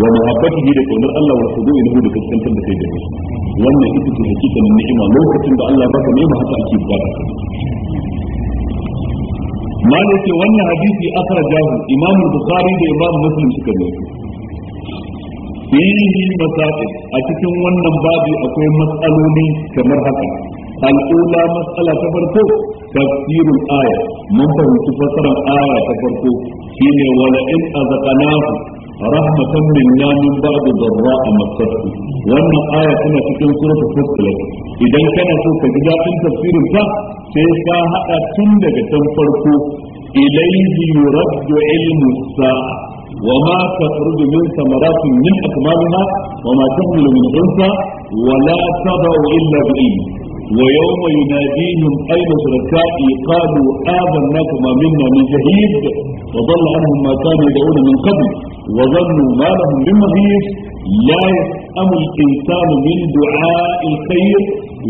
wa muhabbatihi da kaunar Allah wa khudu'i lahu da kaskantar da kai da kai wannan ita ce hakikanin ni'ima lokacin da Allah baka nema haka ake bukata ma da ce wannan hadisi akara jahu imam bukhari da imam muslim suka zo fihi masail a cikin wannan babu akwai matsaloli kamar haka الأولى مسألة تفرقه تفسير الآية من تفسر الآية تفرقه حين ولئن أذقناه رحمة منا من بعد ضراء مسته وأن آية كما تكون سورة الفصل إذا كان سورة كان تفسير الآية سيسا هذا تندك تنفرقه إليه يرد علم الساعة وما تخرج من ثمرات من أكمامها وما تحمل من أنثى ولا تضع إلا بإذنه ويوم يناديهم أين شركائي قالوا اذن كما منا من شهيد وضل عنهم ما كانوا يدعون من قبل وظنوا ما لهم من مغيث لا يسأم الإنسان من دعاء الخير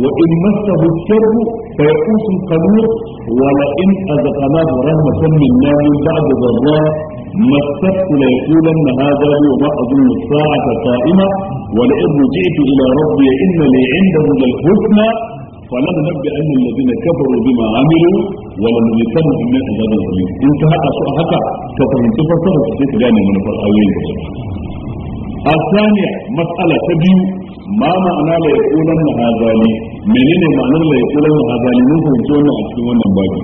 وإن مسه الشر فيقوس القنوط ولئن أذقناه رحمة من نار بعد ضراء مسته ليقولن هذا لي وما أظن الساعة قائمة ولئن رجعت إلى ربي إن لي عنده للحسنى fana da nabbi an yin lazina kafaru bi ma amilu wa la nulikan bi min azabi rabbi in ka haka su a haka ta fahimci fasaha su sai gane manufar ayoyin da a tsaniya matsala ta biyu ma ma'ana la ya kunan mahazali menene ma'anar la ya kunan mahazali mun fahimci wannan a cikin wannan babi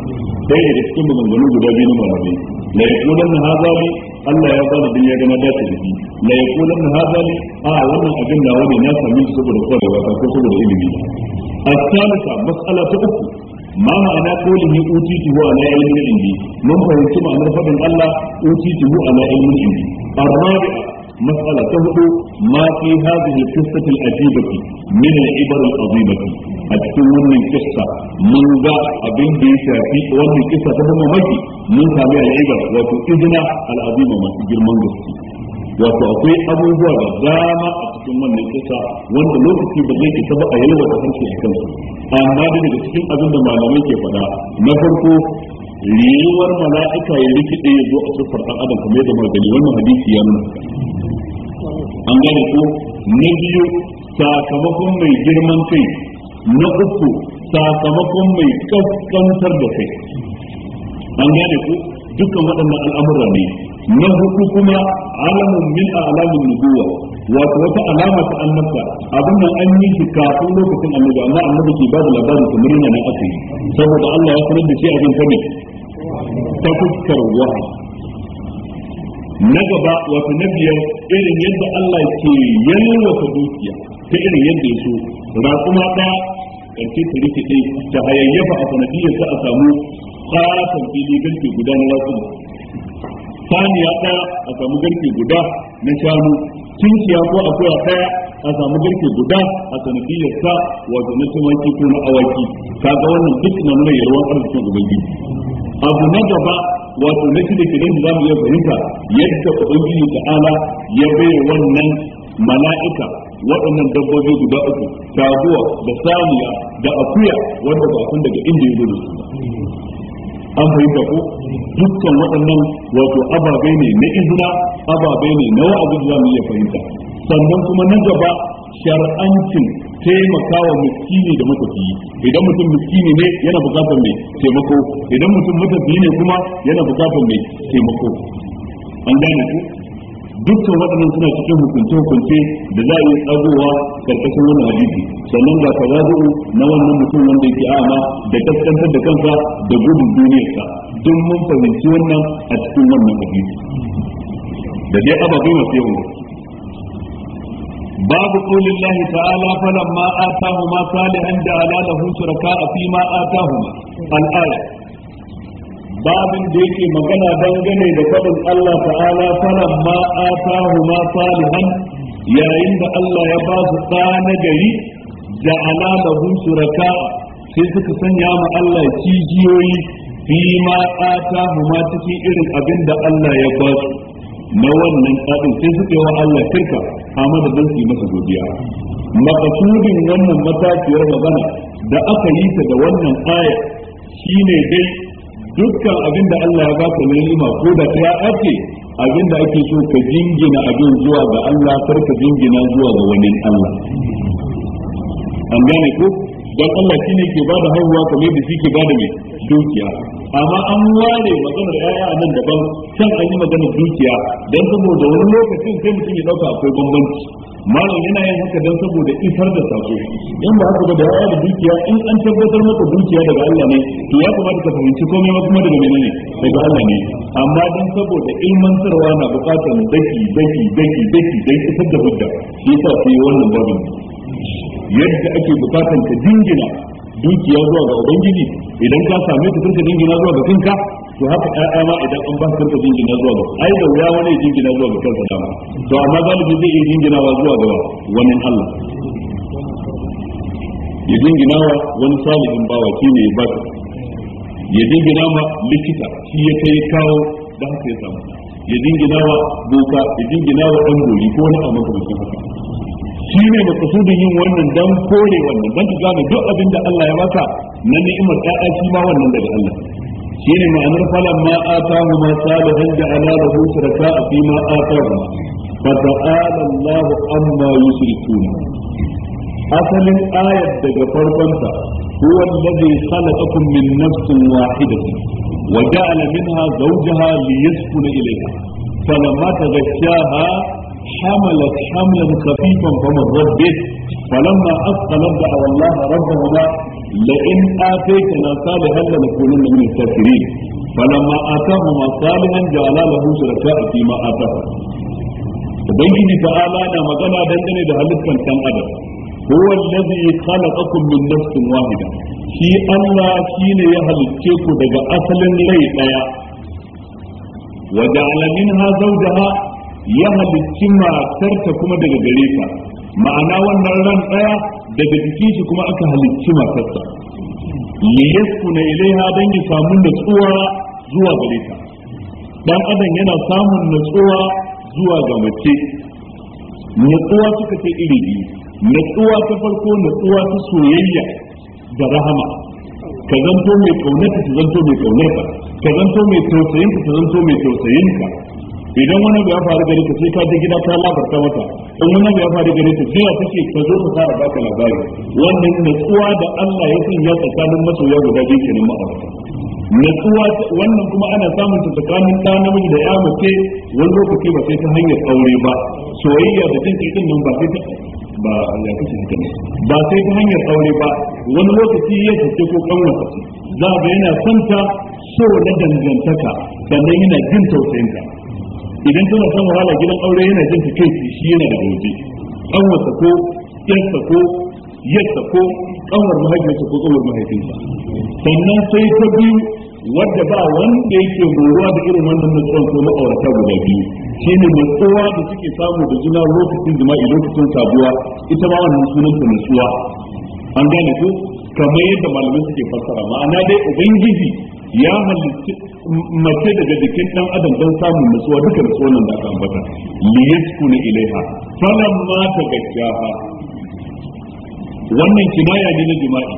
sai da cikin maganganu guda biyu na mahazali la ya kunan mahazali Allah ya bani duniya ga mata ta jiki la yaqulan hadha li a wannan abin da wani na sami su saboda kwarewa ta ko saboda ilimi asalisa mas'ala ta uku ma ma'ana qawlihi utituhu ala ilmin indi mun fahimci ma'anar fadin Allah utituhu ala ilmin indi الرابعة مسألة تهدو ما في هذه القصة العجيبة من العبر cikin أتكون من mun ga abin أبن wannan kisa ta قصة تهدو مهدي mun sami al'ibar wato izina al'azima masu girman gaske wato akwai abubuwa da dama a cikin wannan kisa wanda lokaci da zai isa ba a yalwa da harshe a kansu amma daga cikin abin da malamai ke faɗa na farko riyuwar mala'ika ya rikide ya zo a siffar ɗan adam kamar yadda magani wannan hadisi ya nuna an gane ko na biyu sakamakon mai girman kai na uku sakamakon mai kaskantar da kai an gane ku dukkan waɗannan al'amura ne na hudu kuma alamun min alamun nubuwa wato wata alama ta annabta abin nan an yi shi kafin lokacin annabi amma annabi ke ba da labarin kamar yana nan aka yi saboda Allah ya sanar da shi abin ta fuskar wahayi na gaba wato na biyar irin yadda Allah ke yalwata dukiya ta irin yadda ya so raƙuma ɗaya ƙarfi ta rike ta hayayyafa a sanadiyar sa a samu katon fili garke guda na Sani saniya ɗaya a samu garke guda na shanu cinciya ko akuya ɗaya a samu garke guda a sanadiyar sa wato na tumaki ko na awaki kaga wannan duk na nuna yarwan arzikin ubangiji abu na gaba wato na shida kidan da zamu iya fahimta yadda ubangiji ta'ala ya bai wannan mala'ika waɗannan dabbobi guda uku taguwa da saniya da akuya wanda ba daga inda ya gudu an fahimta ko dukkan waɗannan wato ababai ne na izina ababai ne na wa'azin da mu iya fahimta sannan kuma na gaba shar'ancin taimakawa miskini da matafiyi idan mutum miskini ne yana bukatar mai taimako idan mutum matafiyi ne kuma yana bukatar mai taimako an gane ku dukkan waɗannan suna cikin hukunce-hukunce da za a yi tsagowa karkashin wani hadisi sannan ga tawazu'u na wannan mutum wanda yake ama da kaskantar da kansa da gudun duniyarsa don mun fahimci wannan a cikin wannan hadisi da dai ababai masu yawan باب قول da تعالى فلما آتاهما صالحا جعلا له شركاء فيما آتاهما الآية babin da yake magana dangane da faɗin Allah ta'ala falan ma atahu ma salihan yayin da Allah ya ba su ɗa na gari da alalahu shuraka sai suka sanya ma Allah cijiyoyi fi ma ma cikin irin abin da Allah ya ba su na wannan tsadin sai suka yi wa Allah shirka a madadin su yi masa godiya makasudin wannan matakiyar magana da aka yi ta da wannan aya shine dai dukkan abin da Allah ya baka na ni'ima ko da ta ake abin da ake so ka jingina abin zuwa ga Allah kar ka jingina zuwa ga wani Allah an gane ko dan Allah shine ke bada haihuwa kamar da shi ke bada mai dukiya amma an ware maganar yaya a nan daban can an yi maganar dukiya don saboda wani lokacin sai mutum ya dauka akwai bambanci malam yana yin haka don saboda isar da sako in ba haka da yaya da dukiya in an tabbatar maka dukiya daga Allah ne to ya kamata ka fahimci komai ma kuma daga menene daga Allah ne amma don saboda ilmantarwa na bukatar daki daki daki daki don isar da hujja shi yasa sai wannan babin yadda ake bukatar ka jingina dukiya zuwa ga ubangiji idan ka same ta turka jingina zuwa ga kanka to haka ƴaƴa ma idan an ba turka jingina zuwa ga ai da wuya wani jingina zuwa ga kanka dama to amma galibi zai iya wa zuwa ga wani Allah ya jingina wa wani salihin bawa shi ne ba ya jingina ma likita shi ya kai kawo da haka ya samu ya jingina wa doka ya jingina wa ɗan gori ko wani abu makamancin haka shi ne makasudin yin wannan dan kore wannan dan ka gane duk abin da Allah ya baka na ni'imar ƴaƴa shi ma wannan daga Allah shi ne ma'anar falan ma atahu ma salihan hu lahu shuraka fi ma atahu fa ta'ala Allah amma yushrikun asalin ayat daga farkon ta huwa alladhi khalaqakum min nafsin wahidatin wa ja'ala minha zawjaha liyaskuna ilayha falamma taghashaha حملت حملا خفيفا فمرت به فلما أثقلت دعوا الله ربهما لئن آتيتنا صالحا لنكونن من الشاكرين فلما آتاهما صالحا جعل له شركاء فيما آتاه ubangiji ta'ala na magana dangane da halittar dan adam huwa allazi khalaqakum min nafsin wahida shi Allah shine ya halicce ku daga asalin rai daya wa ja'ala minha zawjaha ya halicci matarta kuma daga gare ta ma'ana wannan ran daya daga jikin shi kuma aka halicci matarsa liyaskuna ilaiha don ya samu natsuwa zuwa gare ta dan adam yana samun natsuwa zuwa ga mace natsuwa suka ce iri biyu natsuwa ta farko natsuwa ta soyayya da rahama ka zanto mai kaunarta ta zanto mai kaunarta ka zanto mai tausayinka ta zanto mai tausayinka. idan wani ya faru gare ta sai ka je gida ta labarta mata in wani ya faru gare ta jiya take ka zo ka fara baka labari wannan natsuwa da Allah ya sanya tsakanin masoya guda biyu kenan ma'aurata natsuwa wannan kuma ana samun ta tsakanin ɗa namiji da ya mace wani lokaci ba sai ta hanyar aure ba soyayya da jin kai nan ba sai ta ba ya kace ta ne ba sai ta hanyar aure ba wani lokaci ya fice ko kanwa za ga yana son ta so na dangantaka sannan yana jin tausayinka idan tana son wahala gidan aure yana jin ta kai shi yana da gobe an wata ko yarsa ko yarsa ko kanwar mahaifinsa ko tsohuwar mahaifinsa sannan sai ta biyu wadda ba wanda yake ruwa da irin wannan nutsuwan ko ma'aurata guda biyu shi ne nutsuwa da suke samu da juna lokacin jima'i lokacin sabuwa ita ma wannan sunan ta nutsuwa an gane ko kamar yadda malamai suke fassara ma'ana dai ubangiji ya halitta mace daga jikin dan adam dan samun nutsuwa duka da nan da aka ambata liyaskuna ilaiha falamma gaggafa. wannan kimaya ne na jima'i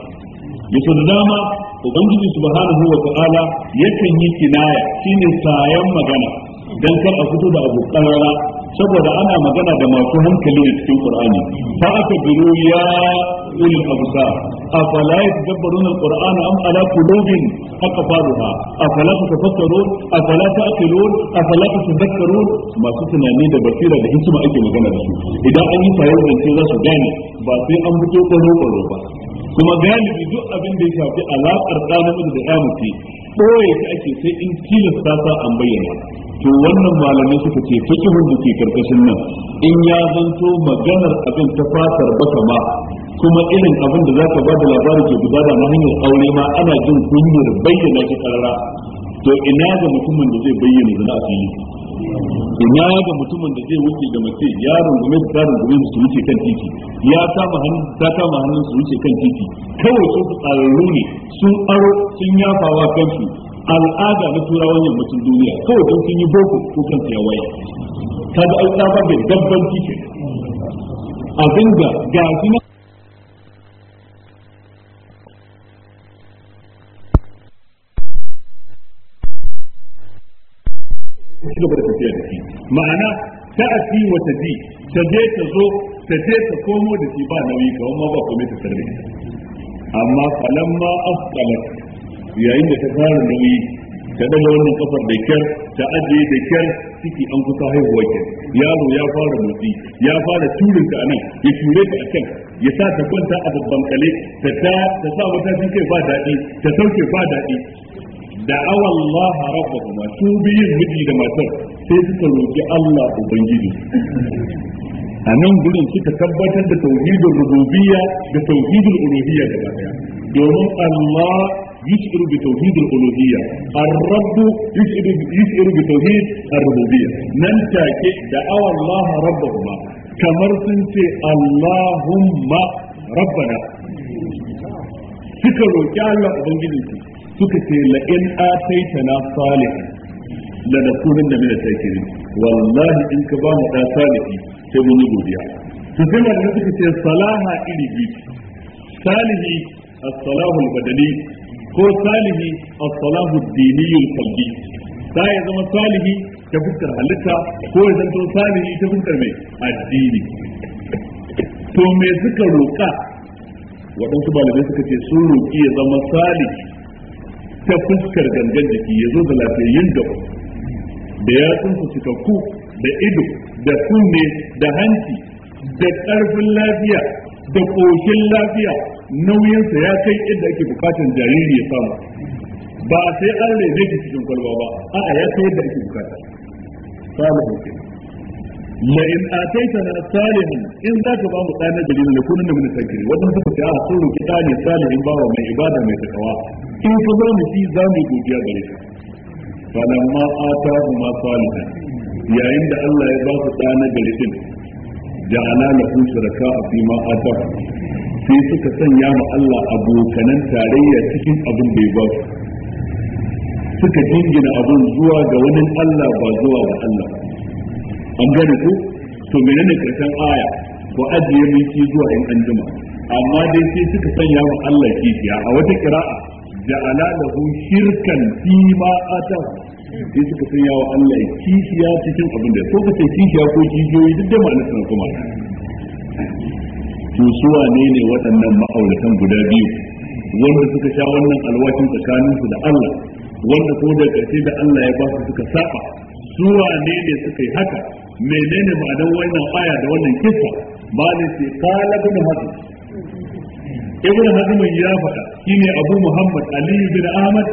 yaso da dama ubangiji subhanahu wa ta'ala yakan yi kinaya shine sayan magana dan kar a fito da abu karara saboda ana magana da masu hankali da cikin qur'ani fa aka biro ya ulil absar afala yadabbarun alquran am ala qulubin aqfaluha afala tafakkarun afala taqilun afala tadhakkarun masu tunani da basira da hikima ake magana da su idan an yi tayar da su za su gane ba sai an fito kwaro ba kuma galibi duk abin da ya shafi alaƙar ɗan da ya mutu ɓoye ta ake sai in tilasta sa an bayyana to wannan malamai suka ce fikihun da ke karkashin nan in ya zanto maganar abin ta fatar baka ma kuma irin abin da zaka ba da labari ke gudana na hanyar aure ma ana jin kunyar bayyana shi karara to ina ga mutumin da zai bayyana zina a fili ina ga mutumin da zai wuce da mace ya rungume su ta rungume su wuce kan titi ya kama hannun ta kama hannun su wuce kan titi kawai su tsararru ne sun aro sun yafawa kansu al'ada na turawan yammacin duniya kawai don sun yi boko ko kan ya waya kaga ai tsabar da dabban titi dinga ga na. ma'ana ta'ati wa taji ta je ta zo ta je ta komo da shi ba nauyi ka, ma ba komai ta sarri amma falamma asqalat yayin da ta fara nauyi ta daga wannan kafar da kyar ta ajiye da kyar ciki an kusa haihuwa kyar yaro ya fara motsi ya fara turin ta nan ya ture ta a can ya sa ta kwanta a babban kale ta sa wata kai ba daɗi ta sauke ba daɗi da'awa Allah rabbahuma su biyun miji da matar sai suka roki Allah ubangiji a nan gurin suka tabbatar da tauhidul rububiyya da tauhidul uluhiyya da daya domin Allah يشعر bi الألوهية الرب يشعر يشعر بتوحيد الربوبية ننسى دعوا الله ربهما kamar sun ce Allahumma rabbana suka roƙi Allah ubangijinsu suka ce la in na salih la nakunun da mina shakirin wallahi in ka ba mu da salihi sai mun godiya to sai malamin suka ce salaha iri biyu salihi as-salahu al-badani ko salihi as-salahu ad-dini al-qalbi sai ya zama salihi ta fuskar halitta ko ya zanto salihi ta fuskar mai addini to me suka roƙa waɗansu malamai suka ce sun roƙi ya zama salihi ta fuskar gangan jiki ya zo da lafiyayyun da da yatsunsu cikakku da ido da kunne da hanci da ƙarfin lafiya da ƙoshin lafiya nauyinsa ya kai inda ake bukatar jariri ya samu ba sai an rene shi cikin kwalba ba a'a ya kai yadda ake bukata samu hukumar la in ataitana salihan in za ka ba mu ɗan na gari ne kunan da mun sakiri wannan suka ce a ah, sun roki ne salihin bawa mai ibada mai takawa in ka ba mu shi za mu godiya gare ka falamma atahu ma salihan yayin da Allah ya ba su ɗan na gari din ja'ala lahu a fi ma sai suka sanya ma Allah abokanan tarayya cikin abin da ya ba su suka jingina abin zuwa ga wani Allah ba zuwa ga Allah an gane ku to menene karshen aya ko ajiye minti zuwa in an jima amma dai sai suka sanya wa Allah kishiya a wata kira'a ja'ala lahu shirkan fi ma ata sai suka sanya wa Allah kishiya cikin abin da ko kace kishiya ko kishiyoyi duk da ma'anar sun kuma to su wane ne waɗannan ma'auratan guda biyu wanda suka sha wannan alwacin tsakaninsu da Allah wanda ko da karshe da Allah ya ba su suka saba su wane ne suka yi haka menene ma'anar wannan aya da wannan Ba ne sai qala ibn hazm ibn hazm ya faɗa shine abu muhammad ali bin ahmad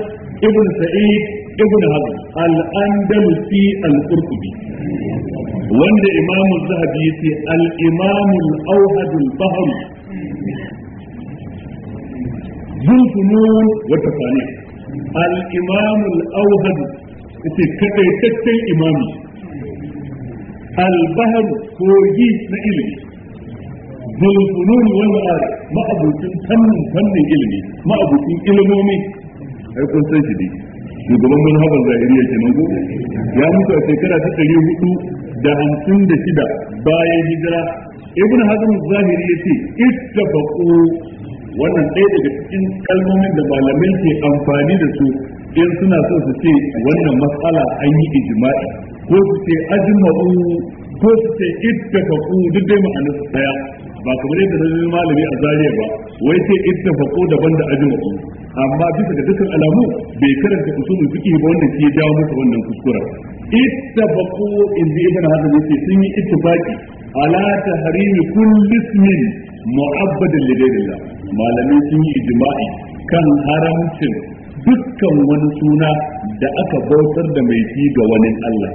ibn sa'id ibn hazm al-andalusi al-qurtubi wanda imam az-zahabi yace al-imam al-awhad al-bahr zulfunun wa tafani al-imam al-awhad yace kadaitaccen imami albahar kogi na ilimi zulfununi wal ma'ari fannin fannin ilimi ma'abucin ilimomi ai kun san shi dai shugaban manhajar zahiriya kenan ko ya mutu a shekara ta ɗari hudu da hamsin da shida bayan hijira ibn hazm zahiri yace ittabaqu wannan ɗaya daga cikin kalmomin da malamai ke amfani da su in suna so su ce wannan matsala an yi ijma'i ko su ce ajma'u ko su ce ittafaqu duk dai ma'anar su daya ba kamar yadda na malami a zariya ba wai sai ittafaqu daban da ajma'u amma bisa ga dukkan alamu bai karanta usulul fiqh ba wanda ke jawo masa wannan kuskura ittafaqu in bi ibn hazm yace sun yi ittifaqi ala tahrimi kulli ismin mu'abbadin li ghayrillah malami sun yi ijma'i kan haramcin dukkan wani suna da aka bautar da mai shi ga wani Allah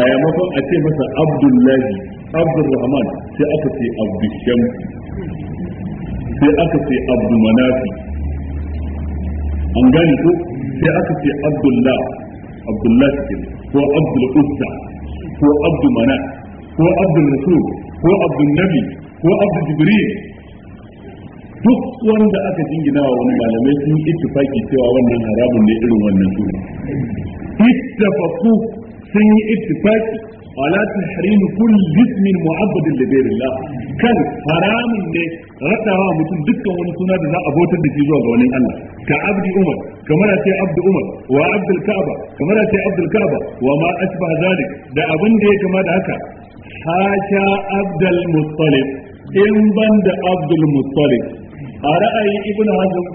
a yamakon a ce masa abdullahi abdurrahman sai aka ce abdusham sai aka ce abdu an gane ko sai aka ce Abdullahi, abdullah ke ko abdul ko abdu ko abdul ko abdul ko abdul duk wanda aka jingina wa wani malamai sun ittifaki cewa wannan haramun ne irin wannan su ittafaku sun yi ittifaqi ala tahrim kulli ismin mu'abbadin li ghayrillah kan haramun ne ratawa mutum dukkan wani suna da za a bautar da shi zuwa ga wani Allah ka abdi umar kamar ce abdu umar wa abdul ka'aba kamar ce abdul ka'aba wa ma asbaha zalik da abin da ya kama da haka hasha abdul muttalib in ban da abdul muttalib a ra'ayi ibnu hazm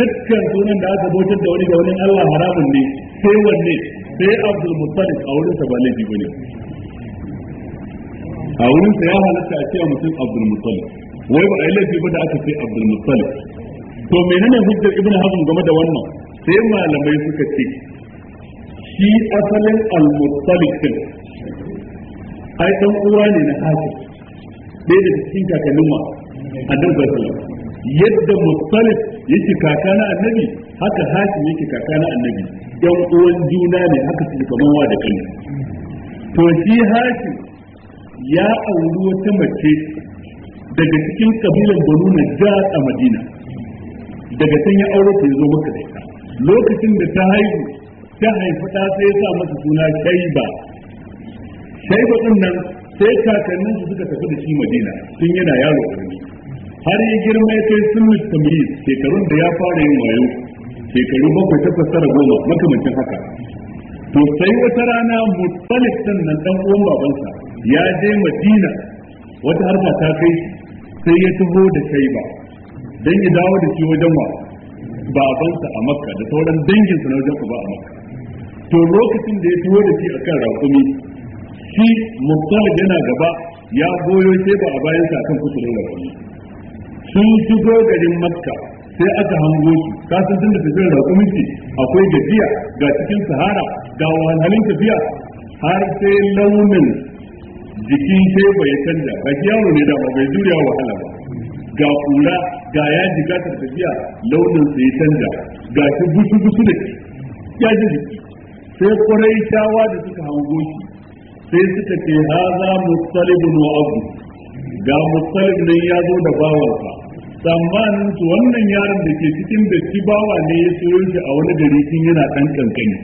dukkan sunan da aka bautar da wani ga wani Allah haramun ne sai wanne sai abdul muttalib a wurinsa ba laifi ba ne a wurinsa ya halatta a cewa mutum abdul muttalib wai ba a yi laifi ba da aka ce abdul muttalib to menene hujjar ibn hazm game da wannan sai malamai suka ce shi asalin al ai dan uwa ne na hafi ɗaya da cikin kakannin ma a dan sallallahu yadda mustalif yake kaka na annabi haka hakim yake kaka na annabi dan uwan juna ne haka su kamar wa da kai to shi hakim ya auri wata mace daga cikin kabilan banu na a madina daga can ya aure ta zo maka da ita lokacin da ta haihu ta haifi ta sai sa masa suna shaiba shaiba din nan sai kakannin su suka tafi da shi madina tun yana yaro karni har yi girma ya kai sunnat tamyiz shekarun da ya fara yin wayo shekaru bakwai takwas tara goma makamancin haka to sai wata rana din sannan dan uwan babansa ya je madina wata harba ta kai sai ya taho da shaiba dan ya dawo da shi wajen wa babansa a makka da sauran danginsa na wajen ba a makka to lokacin da ya taho da shi akan raƙumi shi mutalif yana gaba ya goyo shaiba a bayansa akan kusurin raƙumi sun shigo garin makka sai aka hango su ka san tun da tafiyar da kumiti akwai gajiya ga cikin sahara ga wahalhalin tafiya har sai launin jikin sai ya canja ga yaro ne da ba bai juriya wahala ba ga kura ga ya jiga ta tafiya launin sai ya canja ga shi gusu gusu da ya ji jiki sai kwarai ta da suka hango shi sai suka ce haza mustalibun wa abu ga mustalib ne ya zo da bawansa tsammanin su wannan yaron da ke cikin da ci bawa ne ya siyo shi a wani gari tun yana ɗan kankani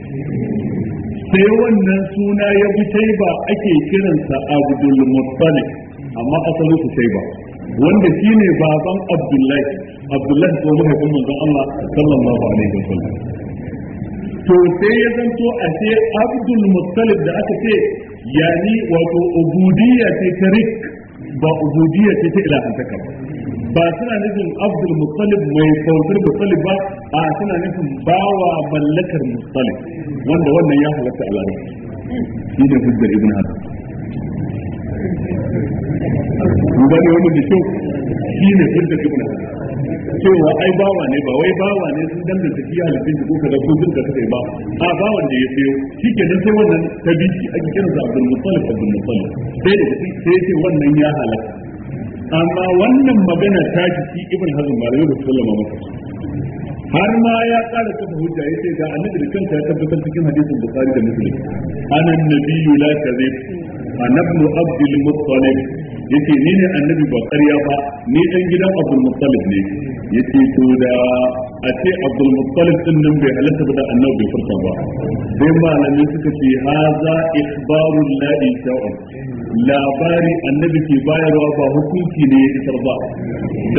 sai wannan suna ya fi taiba ake kiransa abdul muttalib amma asalin su taiba wanda shine baban abdullahi abdullahi ko kuma don Allah sallallahu alaihi wasallam to sai ya zanto a ce abdul muttalib da aka ce yani wato ubudiyya ce ta rik ba ubudiyya ce ta ilahantaka ba ba suna nufin abdul muttalib mai kautar muttalib ba a suna nufin bawa mallakar muttalib wanda wannan ya halatta a larabci shi ne hujjar ibn hazm ku gane wani da kyau shi ne hujjar ibn hazm cewa ai bawa ne ba wai bawa ne sun danda ta fiye halittun ko kaza ko sun ka kai ba a bawan da ya sayo shi ke nan sai wannan tabici ake kiransa abdul muttalib abdul muttalib sai da sai sai wannan ya halatta amma wannan magana ta jiki ibn hazm malamai da su sallama har ma ya ƙara kafa hujja yace da annabi da kanta ya tabbatar cikin hadisin bukhari da muslim anan nabiyyu la kadhib anabnu abdul muttalib yace ni ne annabi ba ƙarya ba ni dan gidan Abdul Muttalib ne yace to da a ce Abdul Muttalib din nan bai halatta ba da annabi bai furta ba sai malamai suka ce haza ikhbarul ladhi sha'a labari annabi ke bayarwa ba hukunci ne ya isar ba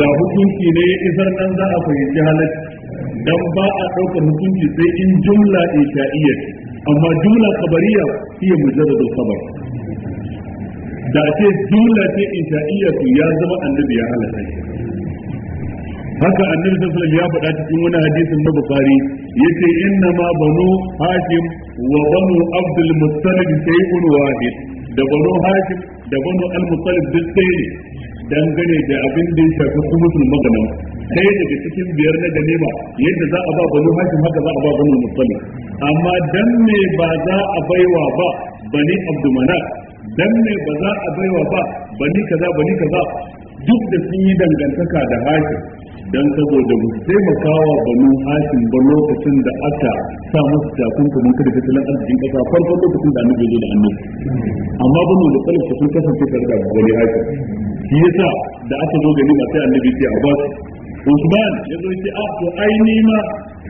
da hukunci ne ya isar nan za a fahimci halatta dan ba a ɗaukar hukunci sai in jumla isha'iyya amma jumla kabariya iya mujarradul khabar da ce jumla ce insha'iyya ya zama annabi ya halaka haka annabi sallallahu ya faɗa cikin wani hadisin na bukhari yace inna ma banu hashim wa banu abdul muttalib shay'un wahid da banu hashim da banu al muttalib duk dangane da abin da ya shafi su musul maganan sai daga cikin biyar na ganima yadda za a ba banu hashim haka za a ba banu muttalib amma dan ne ba za a baiwa ba bani abdul manaf dan ne ba za a baiwa ba bani kaza bani kaza duk da sun yi dangantaka da hashim dan saboda mu taimakawa banu hashim ba lokacin da aka sa musu takunkumin kada tattalin arzikin kasa farko lokacin da annabi zai da annabi amma mu da kalmar sun kasance tare da wani hashim shi yasa da aka zo gani ba sai annabi ya a ba Usman ya zo ce a ah, to ai ma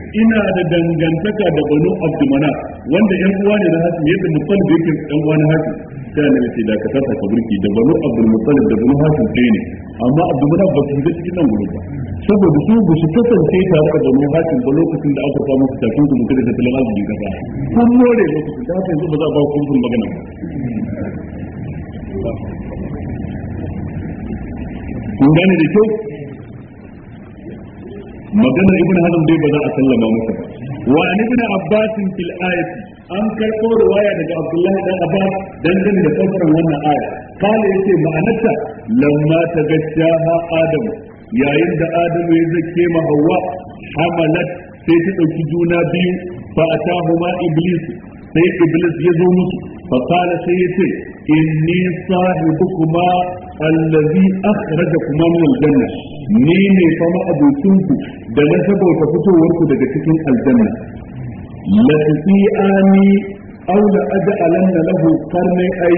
ina da dangantaka da banu abdumana wanda yan uwa ne na ne da mutsal da yake yan uwa na hasim da ne ce da ka tasa ka da banu abdul mutsal da banu hasim dai ne amma abdumana ba su da cikin nan gudu ba saboda su ba su kasance tare da banu hasim ba lokacin da aka fama su da kuma kada tattalin ka kasa kun more lokacin da aka yanzu ba za a ba ku kun magana kun gane da kyau magana ibn hazm dai ba za a sallama masa ba wa an ibn abbas fil ayat an karɓo riwaya daga abdullahi dan abbas dangane da fassara wannan aya kale yace ma'anarta lamma ha adam yayin da adamu ya zake ma hawa hamalat sai ta dauki juna biyu fa atahuma iblis sai iblis ya zo musu fa kala sai yace inni sahibukuma allazi kuma min aljanna ni ne fama ma abukinku da na sabauta fitowar ku daga cikin aljanna la tu'ani aw la aj'alanna lahu qarnay ay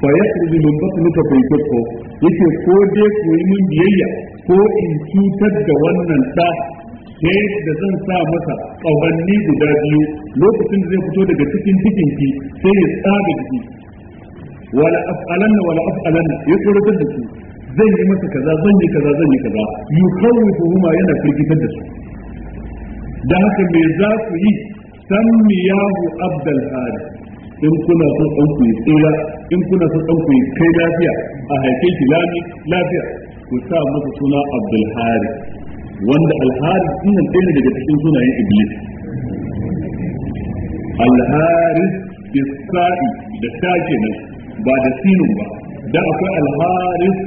fa yakhruju min batnika fa yakfu yake ko dai ku yi min biyayya ko in cutar da wannan ta sai da zan sa masa ƙawanni guda biyu lokacin da zai fito daga cikin cikinki sai ya tsaga jiki wala af'alanna wala af'alanna ya tsoratar da su zai yi masa kaza zan yi kaza zan yi kaza yukhawwifuhuma yana firgitar da su da haka me za ku yi sammiyahu abdul hari in kuna son dan ku yi tsira in kuna son dan ku yi kai lafiya a haife ki lami lafiya ku sa masa suna abdul hari wanda alhari sunan ɗaya daga cikin sunayen iblis alhari isai da ta kenan ba da sinin ba da akwai Alharis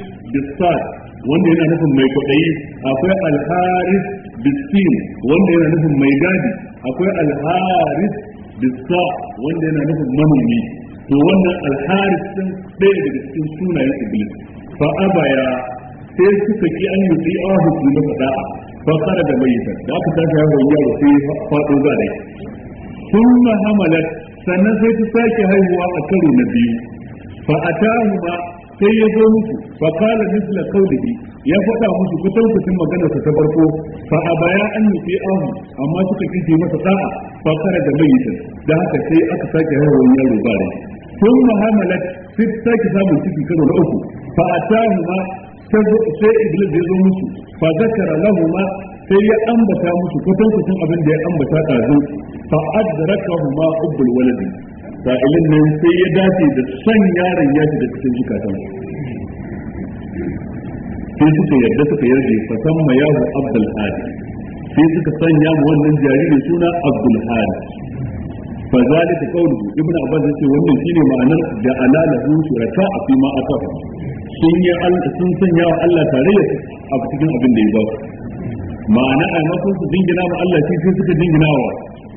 haris wanda yana nufin mai kwaɗayi akwai Alharis haris bisin wanda yana nufin mai gadi akwai Alharis haris bisa wanda yana nufin manomi to wannan Alharis sun din ɗaya daga cikin sunayen iblis fa abaya sai suka ki an yi sai ahu su na fada fa kada da bayyana da aka tashi ya a yaro sai faɗo ga dai sun hamalat sannan sai ta sake haihuwa a karo na biyu fa atahuma sai ya zo musu fa qala mithla qawlihi ya faɗa musu kusan kusan maganar ta farko fa abaya an yuti ahu amma suka kije masa sa'a fa kare da mayitin da haka sai aka sake haihuwar yaro bare sun muhammalat sai sake samun ciki karo na uku fa ma sai iblis ya zo musu fa zakara ma sai ya ambata musu kusan kusan abin da ya ambata ɗazu fa adraka huma ubbul waladi sa'ilin nan sai ya dace da san yaron ya shiga cikin zukatan sai suka yarda suka yarda fa tamma yahu abdul hadi sai suka sanya mu wannan jariri suna abdul hadi fa zalika qawluhu ibnu abbas yace wannan shine ma'anar da alalahu shuraka fi ma atafa sun yi sun sanya wa Allah tarayya a cikin abin da ya ba ma'ana a makon su dingina ma Allah shi sai suka dingina wa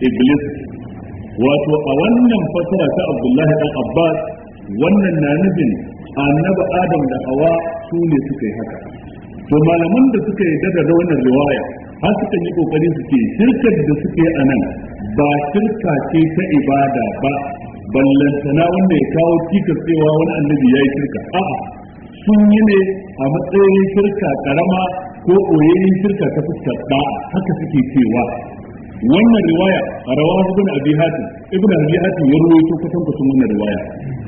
iblis wato a wannan fasara ta Abdullahi dan Abbas wannan na nufin annabi Adam da Hawa su ne suka yi haka to malaman da suka yi daga da wannan riwaya har suka yi kokari su ce shirkar da suke a nan ba shirka ce ta ibada ba ballantana wanda ya kawo cikas cewa wani annabi ya yi shirka a'a sun yi ne a matsayin shirka karama ko koyayin shirka ta fuskar da haka suke cewa wannan riwaya a rawar ibn abi hatim ibn abi hatim ya rawaito kusan kusan wannan riwaya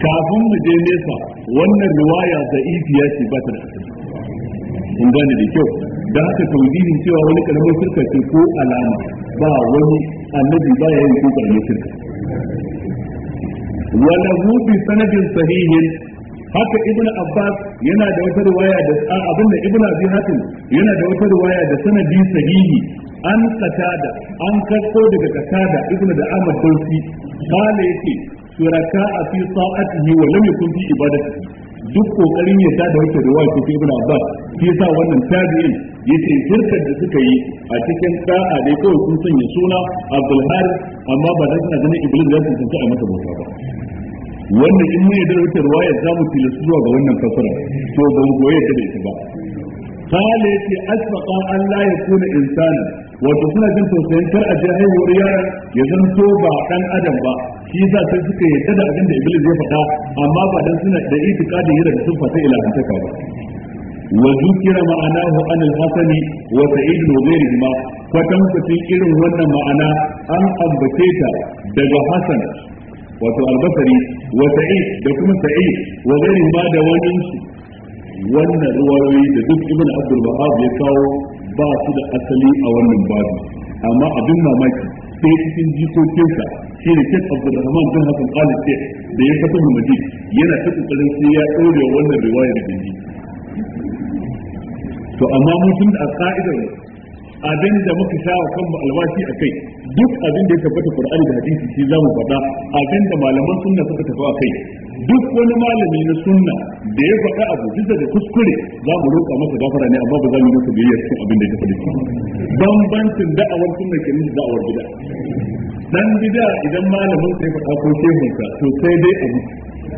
kafin mu je nesa wannan riwaya da ifiya ce ba ta da in gane da kyau da haka tauhidin cewa wani karamin shirka ce ko alama ba wani annabi ba ya yin ko karamin shirka wala hu sanadin sahihin haka ibnu abbas yana da wata riwaya da abinda ibnu abi hatim yana da wata riwaya da sanadi sahihi an katada an kasko daga katada ibnu da amr kulsi kana yake suraka a fi sa'atihi wa lam yakun fi ibadati duk kokarin ya da wata riwaya ko ibnu abbas shi yasa wannan tabi'in yace shirkar da suka yi a cikin da'a dai kawai sun sanya suna abdul har amma ba da suna ganin iblis ya tantance a mata bauta ba wanda in mun yadda da wata ruwaya za mu zuwa ga wannan fasara to ba mu koyi ta da ita ba kala yace Allah ya la yakuna insana wato suna jin tausayin kar a ji haihuwar yaron ya zanto ba dan adam ba shi yasa sai suka yadda da abin da iblis ya faɗa amma ba dan suna da itikadin yana da sun fata ilahantaka ba وذكر معناه عن الحسن وسعيد وغيرهما فتم في wannan ma'ana an أن ta daga حسن wato albasari wa sa'id da kuma sa'id wa gari da wani wannan ruwayoyi da duk ibn abdul wahab ya kawo ba su da asali a wannan babu amma abin mamaki sai cikin jikokinsa shi ne shek abdulrahman bin hasan qali shek da ya kafa mamadi yana ta kokarin sai ya dore wannan riwaya da bindi to amma mutum da ka'idar abin da muka sha wa kanmu albashi a kai duk abin da ya tabbata qur'ani da hadisi shi za mu faɗa abin da malaman sunna suka tafi a kai duk wani malami na sunna da ya faɗa abu bisa da kuskure za mu roƙa masa gafara ne amma ba za mu roƙa biyayya cikin abin da ya tafi bambancin da'awar sunna kenan da da'awar bid'a dan bid'a idan malamin sai faɗa ko shehunka to sai dai abu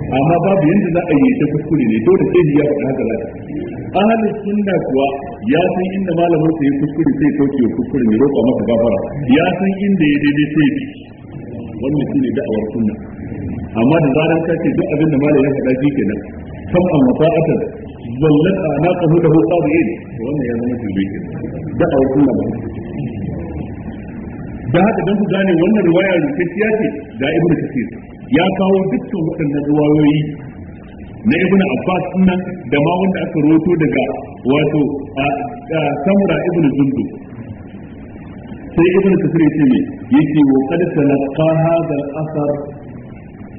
amma babu yadda za a yi ta kuskure ne dole sai ya faɗa haka za ahli sunna kuwa ya san inda malamin sa ya kuskure sai sauke kuskure ne roƙa masa gafara ya san inda ya daidai sai bi wannan ne da'awar sunna amma da zaran ka ce duk abin da malamin ya faɗa kenan kam na mafa'atan da anaqahu da yin wannan ya zama tilbi da'awar sunna ba da haka don ku gane wannan ruwaya rikiciya ce da ibnu kasir ya kawo dukkan waɗannan ruwayoyi na ibn abbas nan da ma wanda aka roto daga wato a samura ibn zundu sai ibn kasir yace ne yace wa qad talaqa hadha al-asar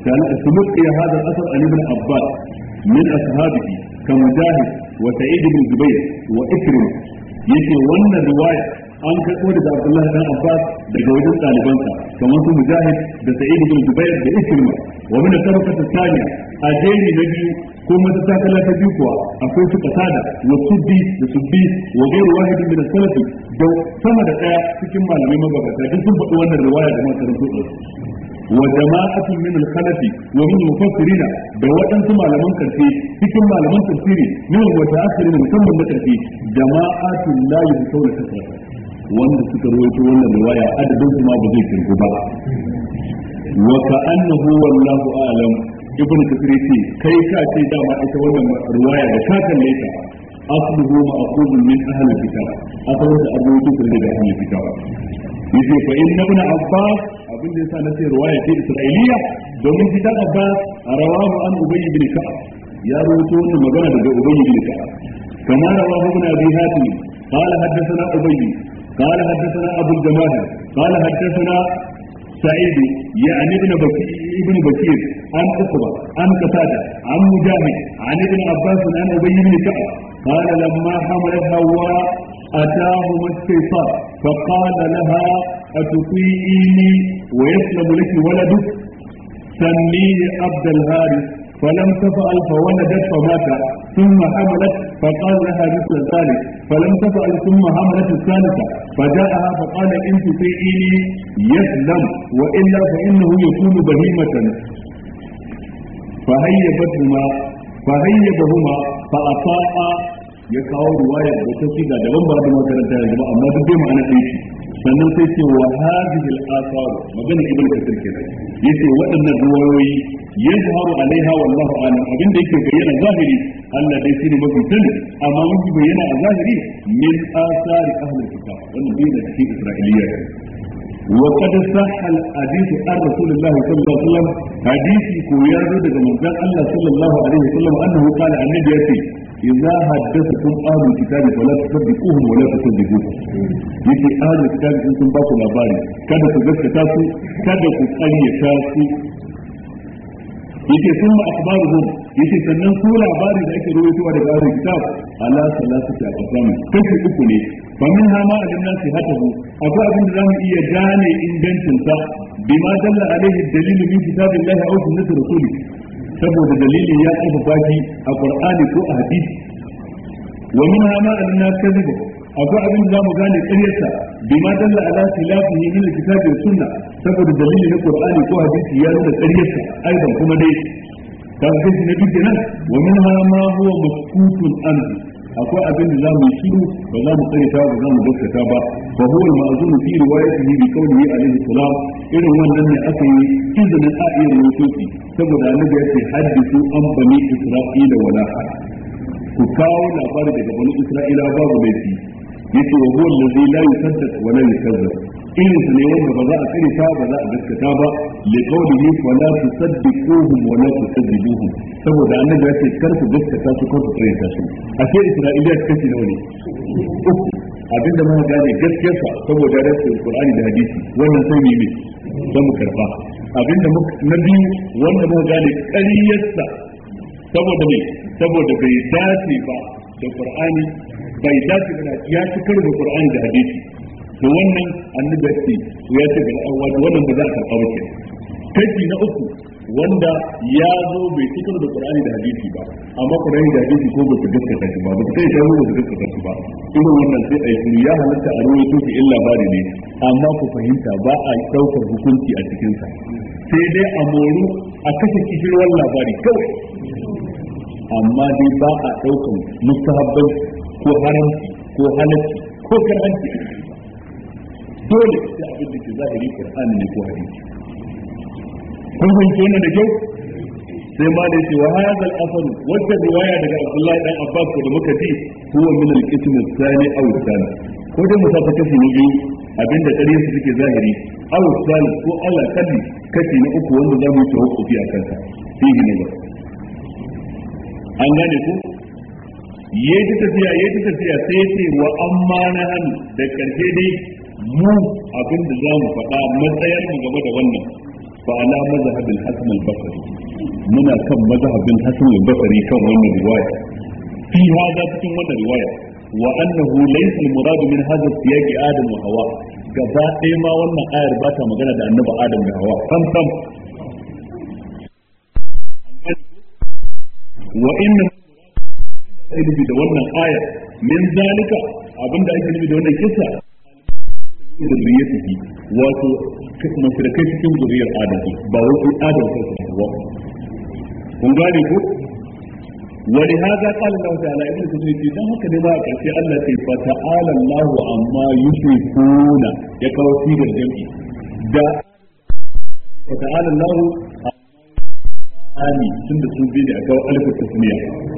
kana tumqi hadha al-asar an ibn abbas min ashabihi kamujahid wa sa'id ibn zubayr wa ikrim yace wannan riwayat an kai karɓo daga abdullahi bin abbas daga wajen ɗalibansa kamar su mujahid da sa'idu bin zubair da ikirma wa min tarfa ta tsani a jeri na biyu ko mata ta kala biyu kuwa akwai su kasada wa subbi da subbi wa gairu wahidin min salafi da sama da ɗaya cikin malamai mabagata duk sun faɗi wannan riwaya da masu rubutu wa jama'atun min al-khalafi wa min da waɗansu malaman karfi cikin malaman tafsiri min wa ta'akhirin musamman da karfi jama'atun la yusawu al-kasra wanda suka rawaito wannan riwaya adadin su ma ba zai kirgu ba wa ka'annahu wallahu a'lam ibnu kasir ce kai ka ce dama ita wannan riwaya da ka kalle ta asluhu ma'qulun min ahli kitab asalin da abu dukkan daga ahli kitab yace fa inna ibn abbas abin da yasa na ce riwaya ce isra'iliya domin kitab abbas rawahu an ubay ibn ka'ab ya rawaito wannan magana daga ubay ibn ka'ab kama rawahu ibn abi hatim قال حدثنا أبي قال حدثنا أبو الجمال قال حدثنا سعيد يعني ابن بكير ابن بكير عن عقبة عن قتادة عن مجاهد عن ابن عباس عن أبي بن كعب قال لما حملت هواء أتاهما الشيطان فقال لها أتطيعيني ويسلم لك ولدك سميه عبد الهارث فلم تفعل فولدت فمات ثم حملت فقال لها مثل ذلك فلم تفعل ثم حملت الثالثة فجاءها فقال إن تطيعيني يسلم وإلا فإنه يكون بهيمة فهيبتهما فهيبهما فأطاع ya kawo ruwaya da ta shiga daban ba da makaranta ya ba amma duk dai ma'ana ɗaya sannan sai ce wa hadhihi al-athar magana ibn kathir kenan yace waɗannan ruwayoyi yazharu alaiha wallahu alam abin da yake bayyana zahiri Allah dai shine mafi sani amma mafi bayyana a zahiri min athar ahli kitab wannan bai da cikin isra'iliya وقد صح الحديث عن رسول الله صلى الله عليه وسلم حديث كويار daga manzon Allah sallallahu alaihi wasallam annahu qala annabi yace idza haddathakum ahlul kitabi fala tusaddiquhum wa la tusaddiquhum yake ahlul kitabi sun ba ku labari kada ku gaskata su kada ku ƙaryata su yake sun ma akhbaruhum yake sannan su labari da ake rawaitowa daga ahlul kitab ala salasati aqsam kashi uku ne fa min hama alimna sihatahu akwai abin da za zamu iya gane ingancin sa bima dalla alaihi dalilu min kitabillahi aw sunnati rasulih saboda dalilin ya kafa baki a qur'ani ko a hadisi wa min hama anna kadhiba akwai abin da mu gane ƙaryarsa bima dalla ala khilafihi min alkitabi wa sunna saboda dalilin na qur'ani ko hadisi ya nuna ƙaryarsa aidan kuma dai kaga kashi na biyu kenan wa min hama huwa maskutun anhu akwai abin da zamu shiru ba za mu tsare ba za mu gaskata ba fa huwa al-ma'zum fi riwayatihi bi qawlihi alayhi salam irin wannan ne aka yi izinin a iya saboda annabi ya ce hadithu an bani isra'ila wala ku kawo labari daga bani isra'ila babu laifi yace wa huwa allazi la yusaddaq wa la yukazzab irin su ne wanda ba za a kare ta ba za a gaskata ba li qawlihi wa la tusaddiquhum wa la tusaddiquhum saboda annabi ya ce kar ku gaskata su kar ku ta su a ce isra'iliya kashi nawa ne abinda muka gane gaskiyar sa saboda rasul qur'ani da hadisi wannan sai ne don mu karba abinda na biyu wanda saboda saboda bai dace ba da qur'ani bai ba ya da ƙur'ani da hadisi to wannan annabi ya ce ya ce ga wannan ba za a karɓa ba ke kashi na uku wanda ya zo bai cikar da Qur'ani da hadisi ba amma Qur'ani da hadisi ko ba su gaskata shi ba ba su kai shawo ba su gaskata shi ba irin wannan sai ai kuma ya halatta a ruwaito ki illa bari ne amma ku fahimta ba a daukar hukunci a cikin sa sai dai a moru a kashe kishirwar labari kawai amma dai ba a daukan mustahabbai ko haramci ko halacci ko karhanci dole sai abin da ke zahiri qur'ani ne ko hadisi kun fahimci wannan da kyau sai ma da yace wa hadha al-asr wata riwaya daga Abdullah dan Abbas ko da muka ji huwa min al-qism al-thani aw al-thani ko dai musafa kashi ne biyu abinda dare su suke zahiri aw al-thani ko ala kalli kashi na uku wanda za mu yi tawaffufi a kansa fihi ne ba an gane ku yayi ta tafiya yayi tafiya sai ce wa amma na hannu da karshe dai mu abin da za mu faɗa matsayar mu game da wannan fa ala mazhabin hasan al-basri muna kan mazhabin hasan al-basri kan wannan riwaya fi hada cikin wannan riwaya wa annahu laysa al-murad min hadha siyaq adam wa hawa gaba ɗaya ma wannan ayar ba ta magana da annabi adam da hawa sam sam wa inna da wannan ayar min zalika abinda ake nufi da wannan kissa cikin zuriyar shi wato masu da kai cikin zuriyar adam ne ba wani adam ne kuma ba kun gane ko wa li hadha qala Allahu ta'ala da fa ta'ala ami tun da sun bi ne a kawo alifar tasniya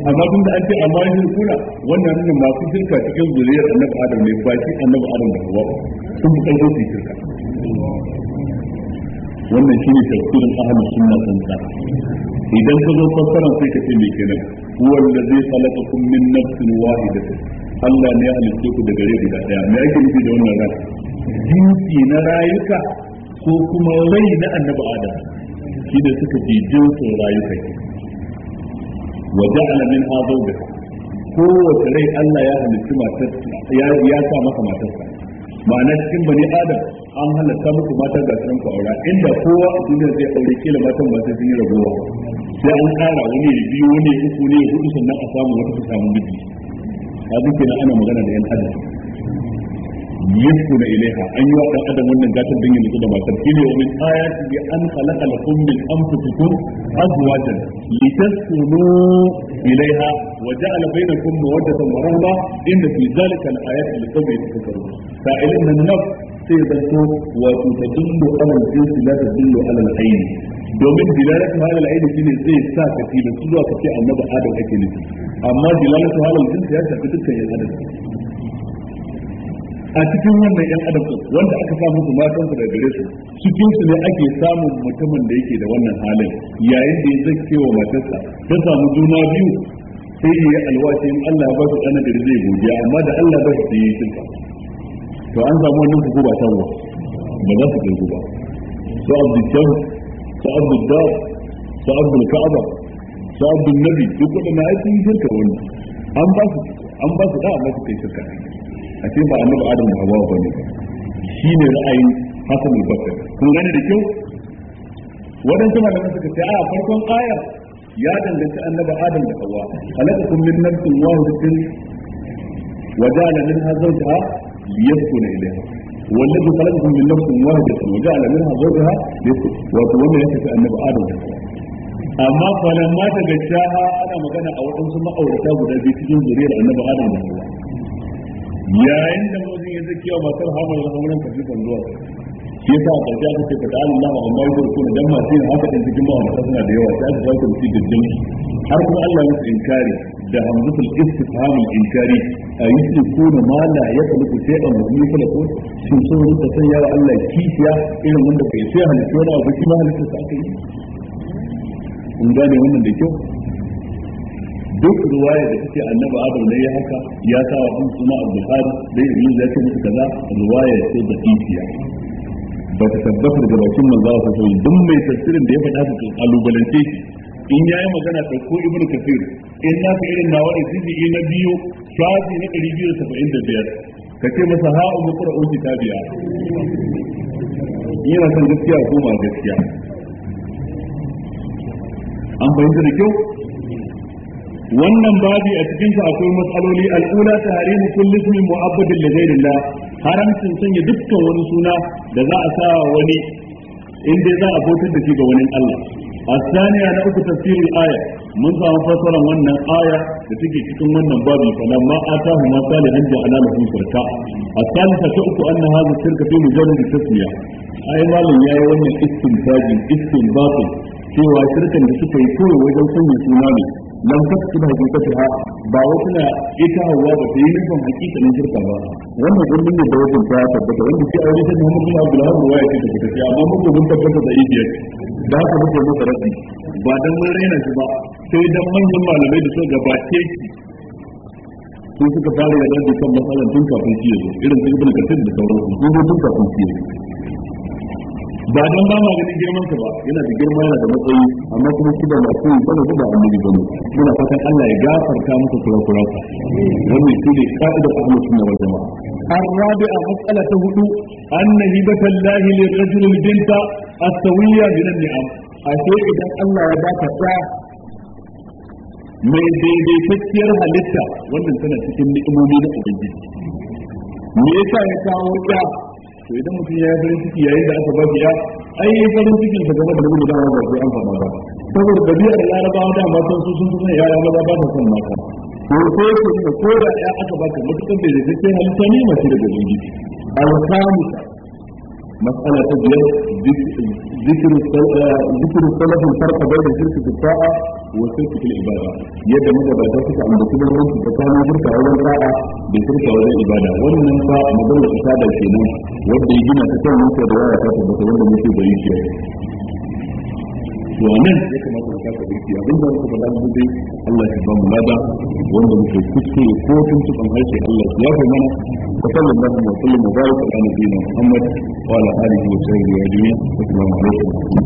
amma tun da an ce amma yin kuna wannan nuna masu shirka cikin zuriyar annabi adam ne ba shi annabi adam da kuwa sun fi ƙarfin su shirka wannan shine tafsirin ahlus sunna sun sa idan ka zo fassara sai ka ce me kenan huwal ladzi khalaqakum min nafsin wahidatin Allah ne ya halitte ku daga rai guda daya me yake nufi da wannan rai jinsi na rayuka ko kuma rai na annabi adam shine suka ji jinsin rayuka wa ja'ala min azawja kowace rai Allah ya halitta matar ya ya sa maka matarsa ma'ana cikin bani adam an halatta muku mata ga san ku aura inda kowa a duniya zai aure kila matan ba sai yi rabuwa sai an ƙara wani ne biyu wani uku ne hudu sannan a samu wata ta samu miji a duk ana magana da yan adam yaskuna ilaiha an yi wa dan adam wannan gatan dan yin da matar kine wa min ayati bi an khalaqa lakum min anfusikum azwajan litaskunu ilaiha wa ja'ala bainakum mawaddatan wa rahma inna fi dhalika al-ayati liqawmin yatafakkarun sa'ilun an-nafs sai da zanto wato ta dillo alal jinsi la ta dillo alal aini domin dilalatu halal aini shine zai sa ka tilu zuwa ka ce annabi adam ake nufi amma dilalatu halal jinsi ya tafi dukkan yan adam a cikin wannan yan adam wanda aka samu su matan su da gare su cikin su ne ake samun mutumin da yake da wannan halin yayin da ya zake wa matarsa ta samu juna biyu sai ya alwashi in Allah ba su kana gari zai godiya amma da Allah ba su yi shirka to an samu wannan ku ba ta ba ba za su ku ba su abdu jam su abdu dar su abdu ka'aba su abdu nabi duk da na yi shirka wannan an ba su an ba su da amma su kai shirka a ce ba annabi adam da hawa bane shi ne ra'ayin hasan al-basri kun gane da kyau wadansu malaman suka ce a farkon ayar ya danganci annabi adam da hawa khalaqakum min nafsin wahidatin wa ja'ala minha zawjaha liyaskuna ilayha والذي خلقكم من نفس واحدة وجعل منها زوجها وتولى يحدث النبي آدم amma falamma ta gaccaha ana magana a wadansu ma'aurata guda biyu cikin zuriyar annabi Adam da Hawwa yayin da mutum ya zaki wa matar hamar da auren ka zuwa zuwa shi ta a ƙarshe aka ce fata Allah wa amma yau kuma dan masu yin haka din cikin ba wata suna da yawa sai aka kawo su da jami har kuma Allah ya inkari da hamzatul istifhamul inkari a yi su kuna ma la ya kalu sai an mu yi kala ko shi so ruka san yawa Allah kishiya irin wanda bai sai halittu wani abu kuma halittu sa ake yi kun gane wannan da kyau duk ruwaya da take annabi adam ne ya haka ya sa wa kuma suna al-bukhari dai ibn ya ce musu kaza ruwaya ce da ifiya ba ta tabbata da bakin manzo Allah sai duk mai tafsirin da ya faɗa ta kalubalance shi in yayi magana da ko ibnu kafir in na ka irin nawa isibi e na biyu shafi na 275 ka ce masa ha'u muqra'u kitabiya yana san gaskiya ko ba gaskiya an fahimta da kyau wannan babi a cikin sa akwai matsaloli al'ula ta hari mu kulli su mu da zai rinda haramcin sanya dukkan wani suna da za a sa wani in dai za a bautar da shi ga wani Allah Saniya na uku tafsirin aya mun samu fasaran wannan aya da take cikin wannan babi kana ma atahu ma salihan da ana lafi farka asalisa ta uku anna hadha shirka fi mujarrad tasmiya ai malam yayi wannan istinbaji istinbatu cewa shirkan da suka yi kowa wajen sanya suna ne lam tasbih haqiqataha ba wa suna ita hawa ba ta yi nufin haqiqanin shirka ba wannan gurbin ne da wajen ta tabbata wanda ke aure ta Muhammad bin Abdul Wahab ruwaya ce tabbata ce amma mun gurbin tabbata da ibiyar da haka muke masa rabbi ba dan mun raina shi ba sai dan manyan malamai da suka gabace shi sun suka fara yarda da kan matsalan tun kafin shi yazo irin sun ibn kathir da sauransu sun zo tun kafin shi yazo ba don ba ma ganin girman ka ba yana da girma yana da matsayi amma kuma shi ba masu yi bane ko ba annabi bane muna fatan Allah ya gafarta masa kurakuran ka wannan shi ne ka'ida ta Ahlus Sunnah wal Jama'a الرابعة مسألة هدوء أن هبة الله للرجل البنت السوية A النعم idan Allah ya يباك الساعة mai daidaitacciyar halitta wannan tana cikin ni'imomi na ubangiji me yasa ya kawo ya to idan mutum ya yi farin ciki yayin da aka ba ya yi farin cikin sa game da wani da ba sai an fama ba saboda dabi'ar larabawa da matan sun sun san yara maza ba ta son mata ko ko ko ko da ya aka baka mutum bai da sai halitta ne mace da dalili al-khamisa mas'ala ta biyar ذكر ذكر السلف الفرق بين الشرك في الطاعة والشرك في العبادة يد مدى باتاتك عن بكل الرب فكان شرك أولا الطاعه بشرك أولا العباده ومن فا مدل إشادة الكنون ودي جنا تكون من كدوايا تاتب بطلون بمشي بريشيا to nan ya kamata mu kasa birki abin da muka faɗa mu dai Allah ya ba mu lada wanda muke kuskure ko tun tukan harshe Allah ya fi mana wa sallallahu alaihi wa sallam wa baraka ala nabiyyina Muhammad wa ala alihi wa sahbihi ajma'in assalamu alaikum wannan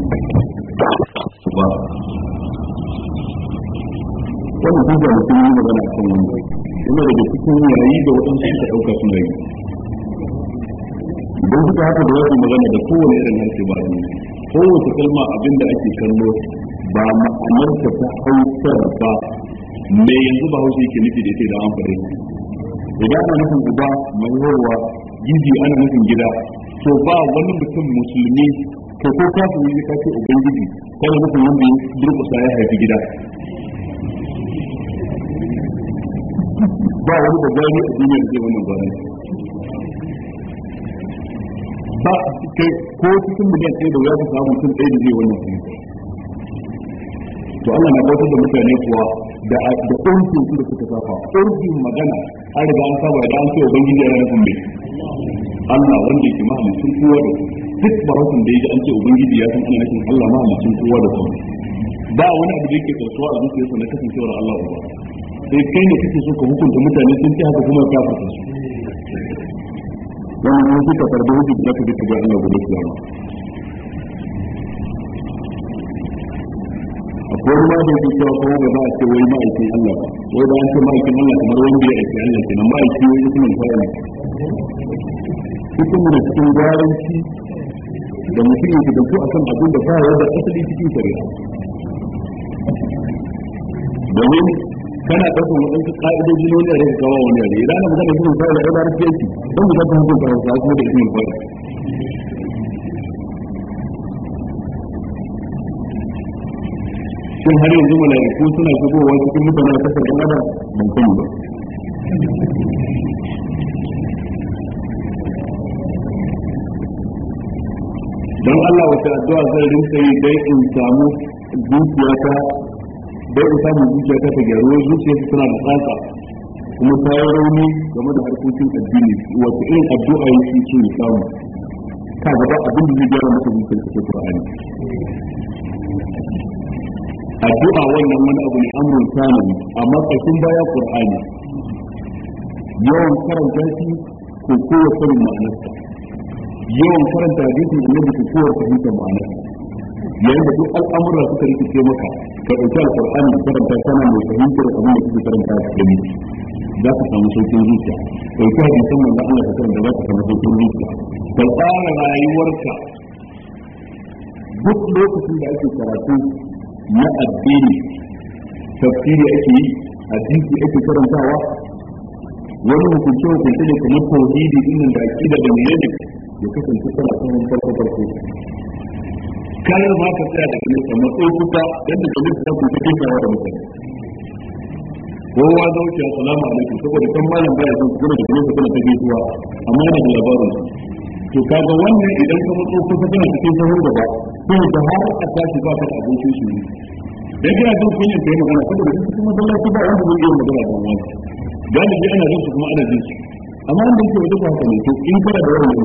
duba da kuma magana akan wannan yana daga cikin yayi da waɗansu suka ɗauka sun yi idan suka haka da wasu magana da kowane irin harshe ba a duniya kowace kalma abin da ake kallo ba ma'anarta ta hausar ba me yanzu ba hausa yake nufi da ita da an fare idan ana nufin uba mai yawa gidi ana nufin gida to ba wani mutum musulmi to ko ka fi wani kace ubangiji kana nufin wanda durkusa ya haifi gida ba wani da ne a duniyar zai wannan gwanin ba a kai ko cikin miliyan ɗaya da wuya ka samu mutum ɗaya da zai wannan fahimta to Allah na bautar da mutane kuwa da da urfin su da suka saba urfin magana an riga an saba da an ce ubangiji ya rana bai. Allah wanda yake mahalicin kowa da duk barokin da yake an ce ubangiji ya san ana nufin Allah mahalicin kowa da kowa ba wani abu da yake kasuwa a zuciyarsa na kasancewar Allah ba sai kai ne kake so ka hukunta mutane sun ci haka kuma ka fata su wani an kika farda hujji da kake da Allah kiyama akwai ma da yake cewa kuma ba za a ce wai ma'aikin Allah ba wai ba an ce ma'aikin Allah kamar wanda ya aiki Allah ke nan ma'aiki wai ya kuma fara cikin da cikin garanci da mutum yake da a kan abin da fara da asali cikin shari'a domin kana ɗaukar waɗansu ƙa'idoji ne wanda ya kawo wani yare idan ana magana shi ne kawai da ɗaukar kirki don mu zaka hukunta hausa kuma da shi ne kawai shin har yanzu mala'iku suna shigowa cikin mutane a kasar ɗan adam ban sani ba don Allah wata addu'a zan rinka yi dai in samu zuciyata da ya samu zuciya ta ta gyaru zuciya ta tana da tsaka kuma ta yi rauni game da harkokin addini wata irin addu'a yake so ce samu ta gaba abin da zai gyara masa zuciya ta Qur'ani addu'a wannan wani abu ne amrun sanawi amma kashin baya Qur'ani yawan karanta shi ko kowa sanin ma'anarsa yawan karanta hadisin annabi ko kowa fahimtar ma'anarsa yayin da duk al'amura suka rikice maka ka ɗauki alƙur'ani da karanta kana mai fahimtar abin da kake karanta a cikin za ka samu sauƙin zuciya ɗauki hadisan manzon Allah ka karanta za ka samu sauƙin zuciya ka tsara rayuwarka duk lokacin da ake karatu na addini tafsiri ake yi hadisi ake karantawa wani hukunce hukunce ne kamar tauhidi din da aqida da menene ya kasance kana sanin farko farko kar ma ka tsaya da nesa matso kusa yadda ka ku kike kawo da mutane kowa da wuce assalamu alaikum saboda kan malam baya son kuma da kuma kuma ta gaisuwa amma da labarin to kaga wannan idan ka matso kusa kana cikin da ba ko da har a tashi ba ka da abincin shi da kira jin kunyar kai magana saboda kuma masallaci ba wanda zai iya magana da wani galibi ana jin kuma ana jin amma wanda yake wani ba ne to in kana da wani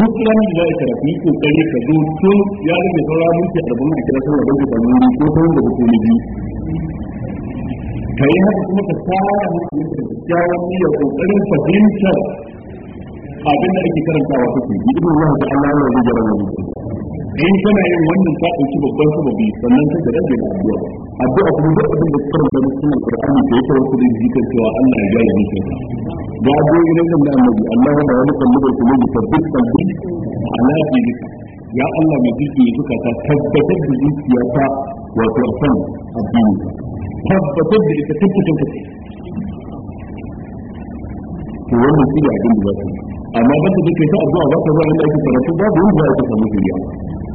duk ranar da za ka ko kai ka zo to ya rage sauran minti da a kira sai don ka samu wuri ko ta wanda kuke biyu ka yi haka kuma ka tsara mutum da kyakkyawan niyyar kokarin fahimtar abin da ake karantawa kuke idan Allah ta Allah ya rage ranar in kana yin wannan ta ɗauki babban sababi sannan sai ka dage da addu'a addu'a kuma duk abin da kuma da cikin alƙur'ani da yake wasu da jikin cewa Allah ya gaya ni kenan ga addu'o'i na kan da annabi Allah ya wani kallon kuma da tabbit kalbi ala dini ya Allah mai jiki ya suka ta tabbatar da zuciya ta wato akan addini tabbatar da ita tabbatar da ita to wannan shi ne abin da za su amma ba ta dake ta addu'a ba ta zuwa inda ake karatu babu wanda za ta samu shari'a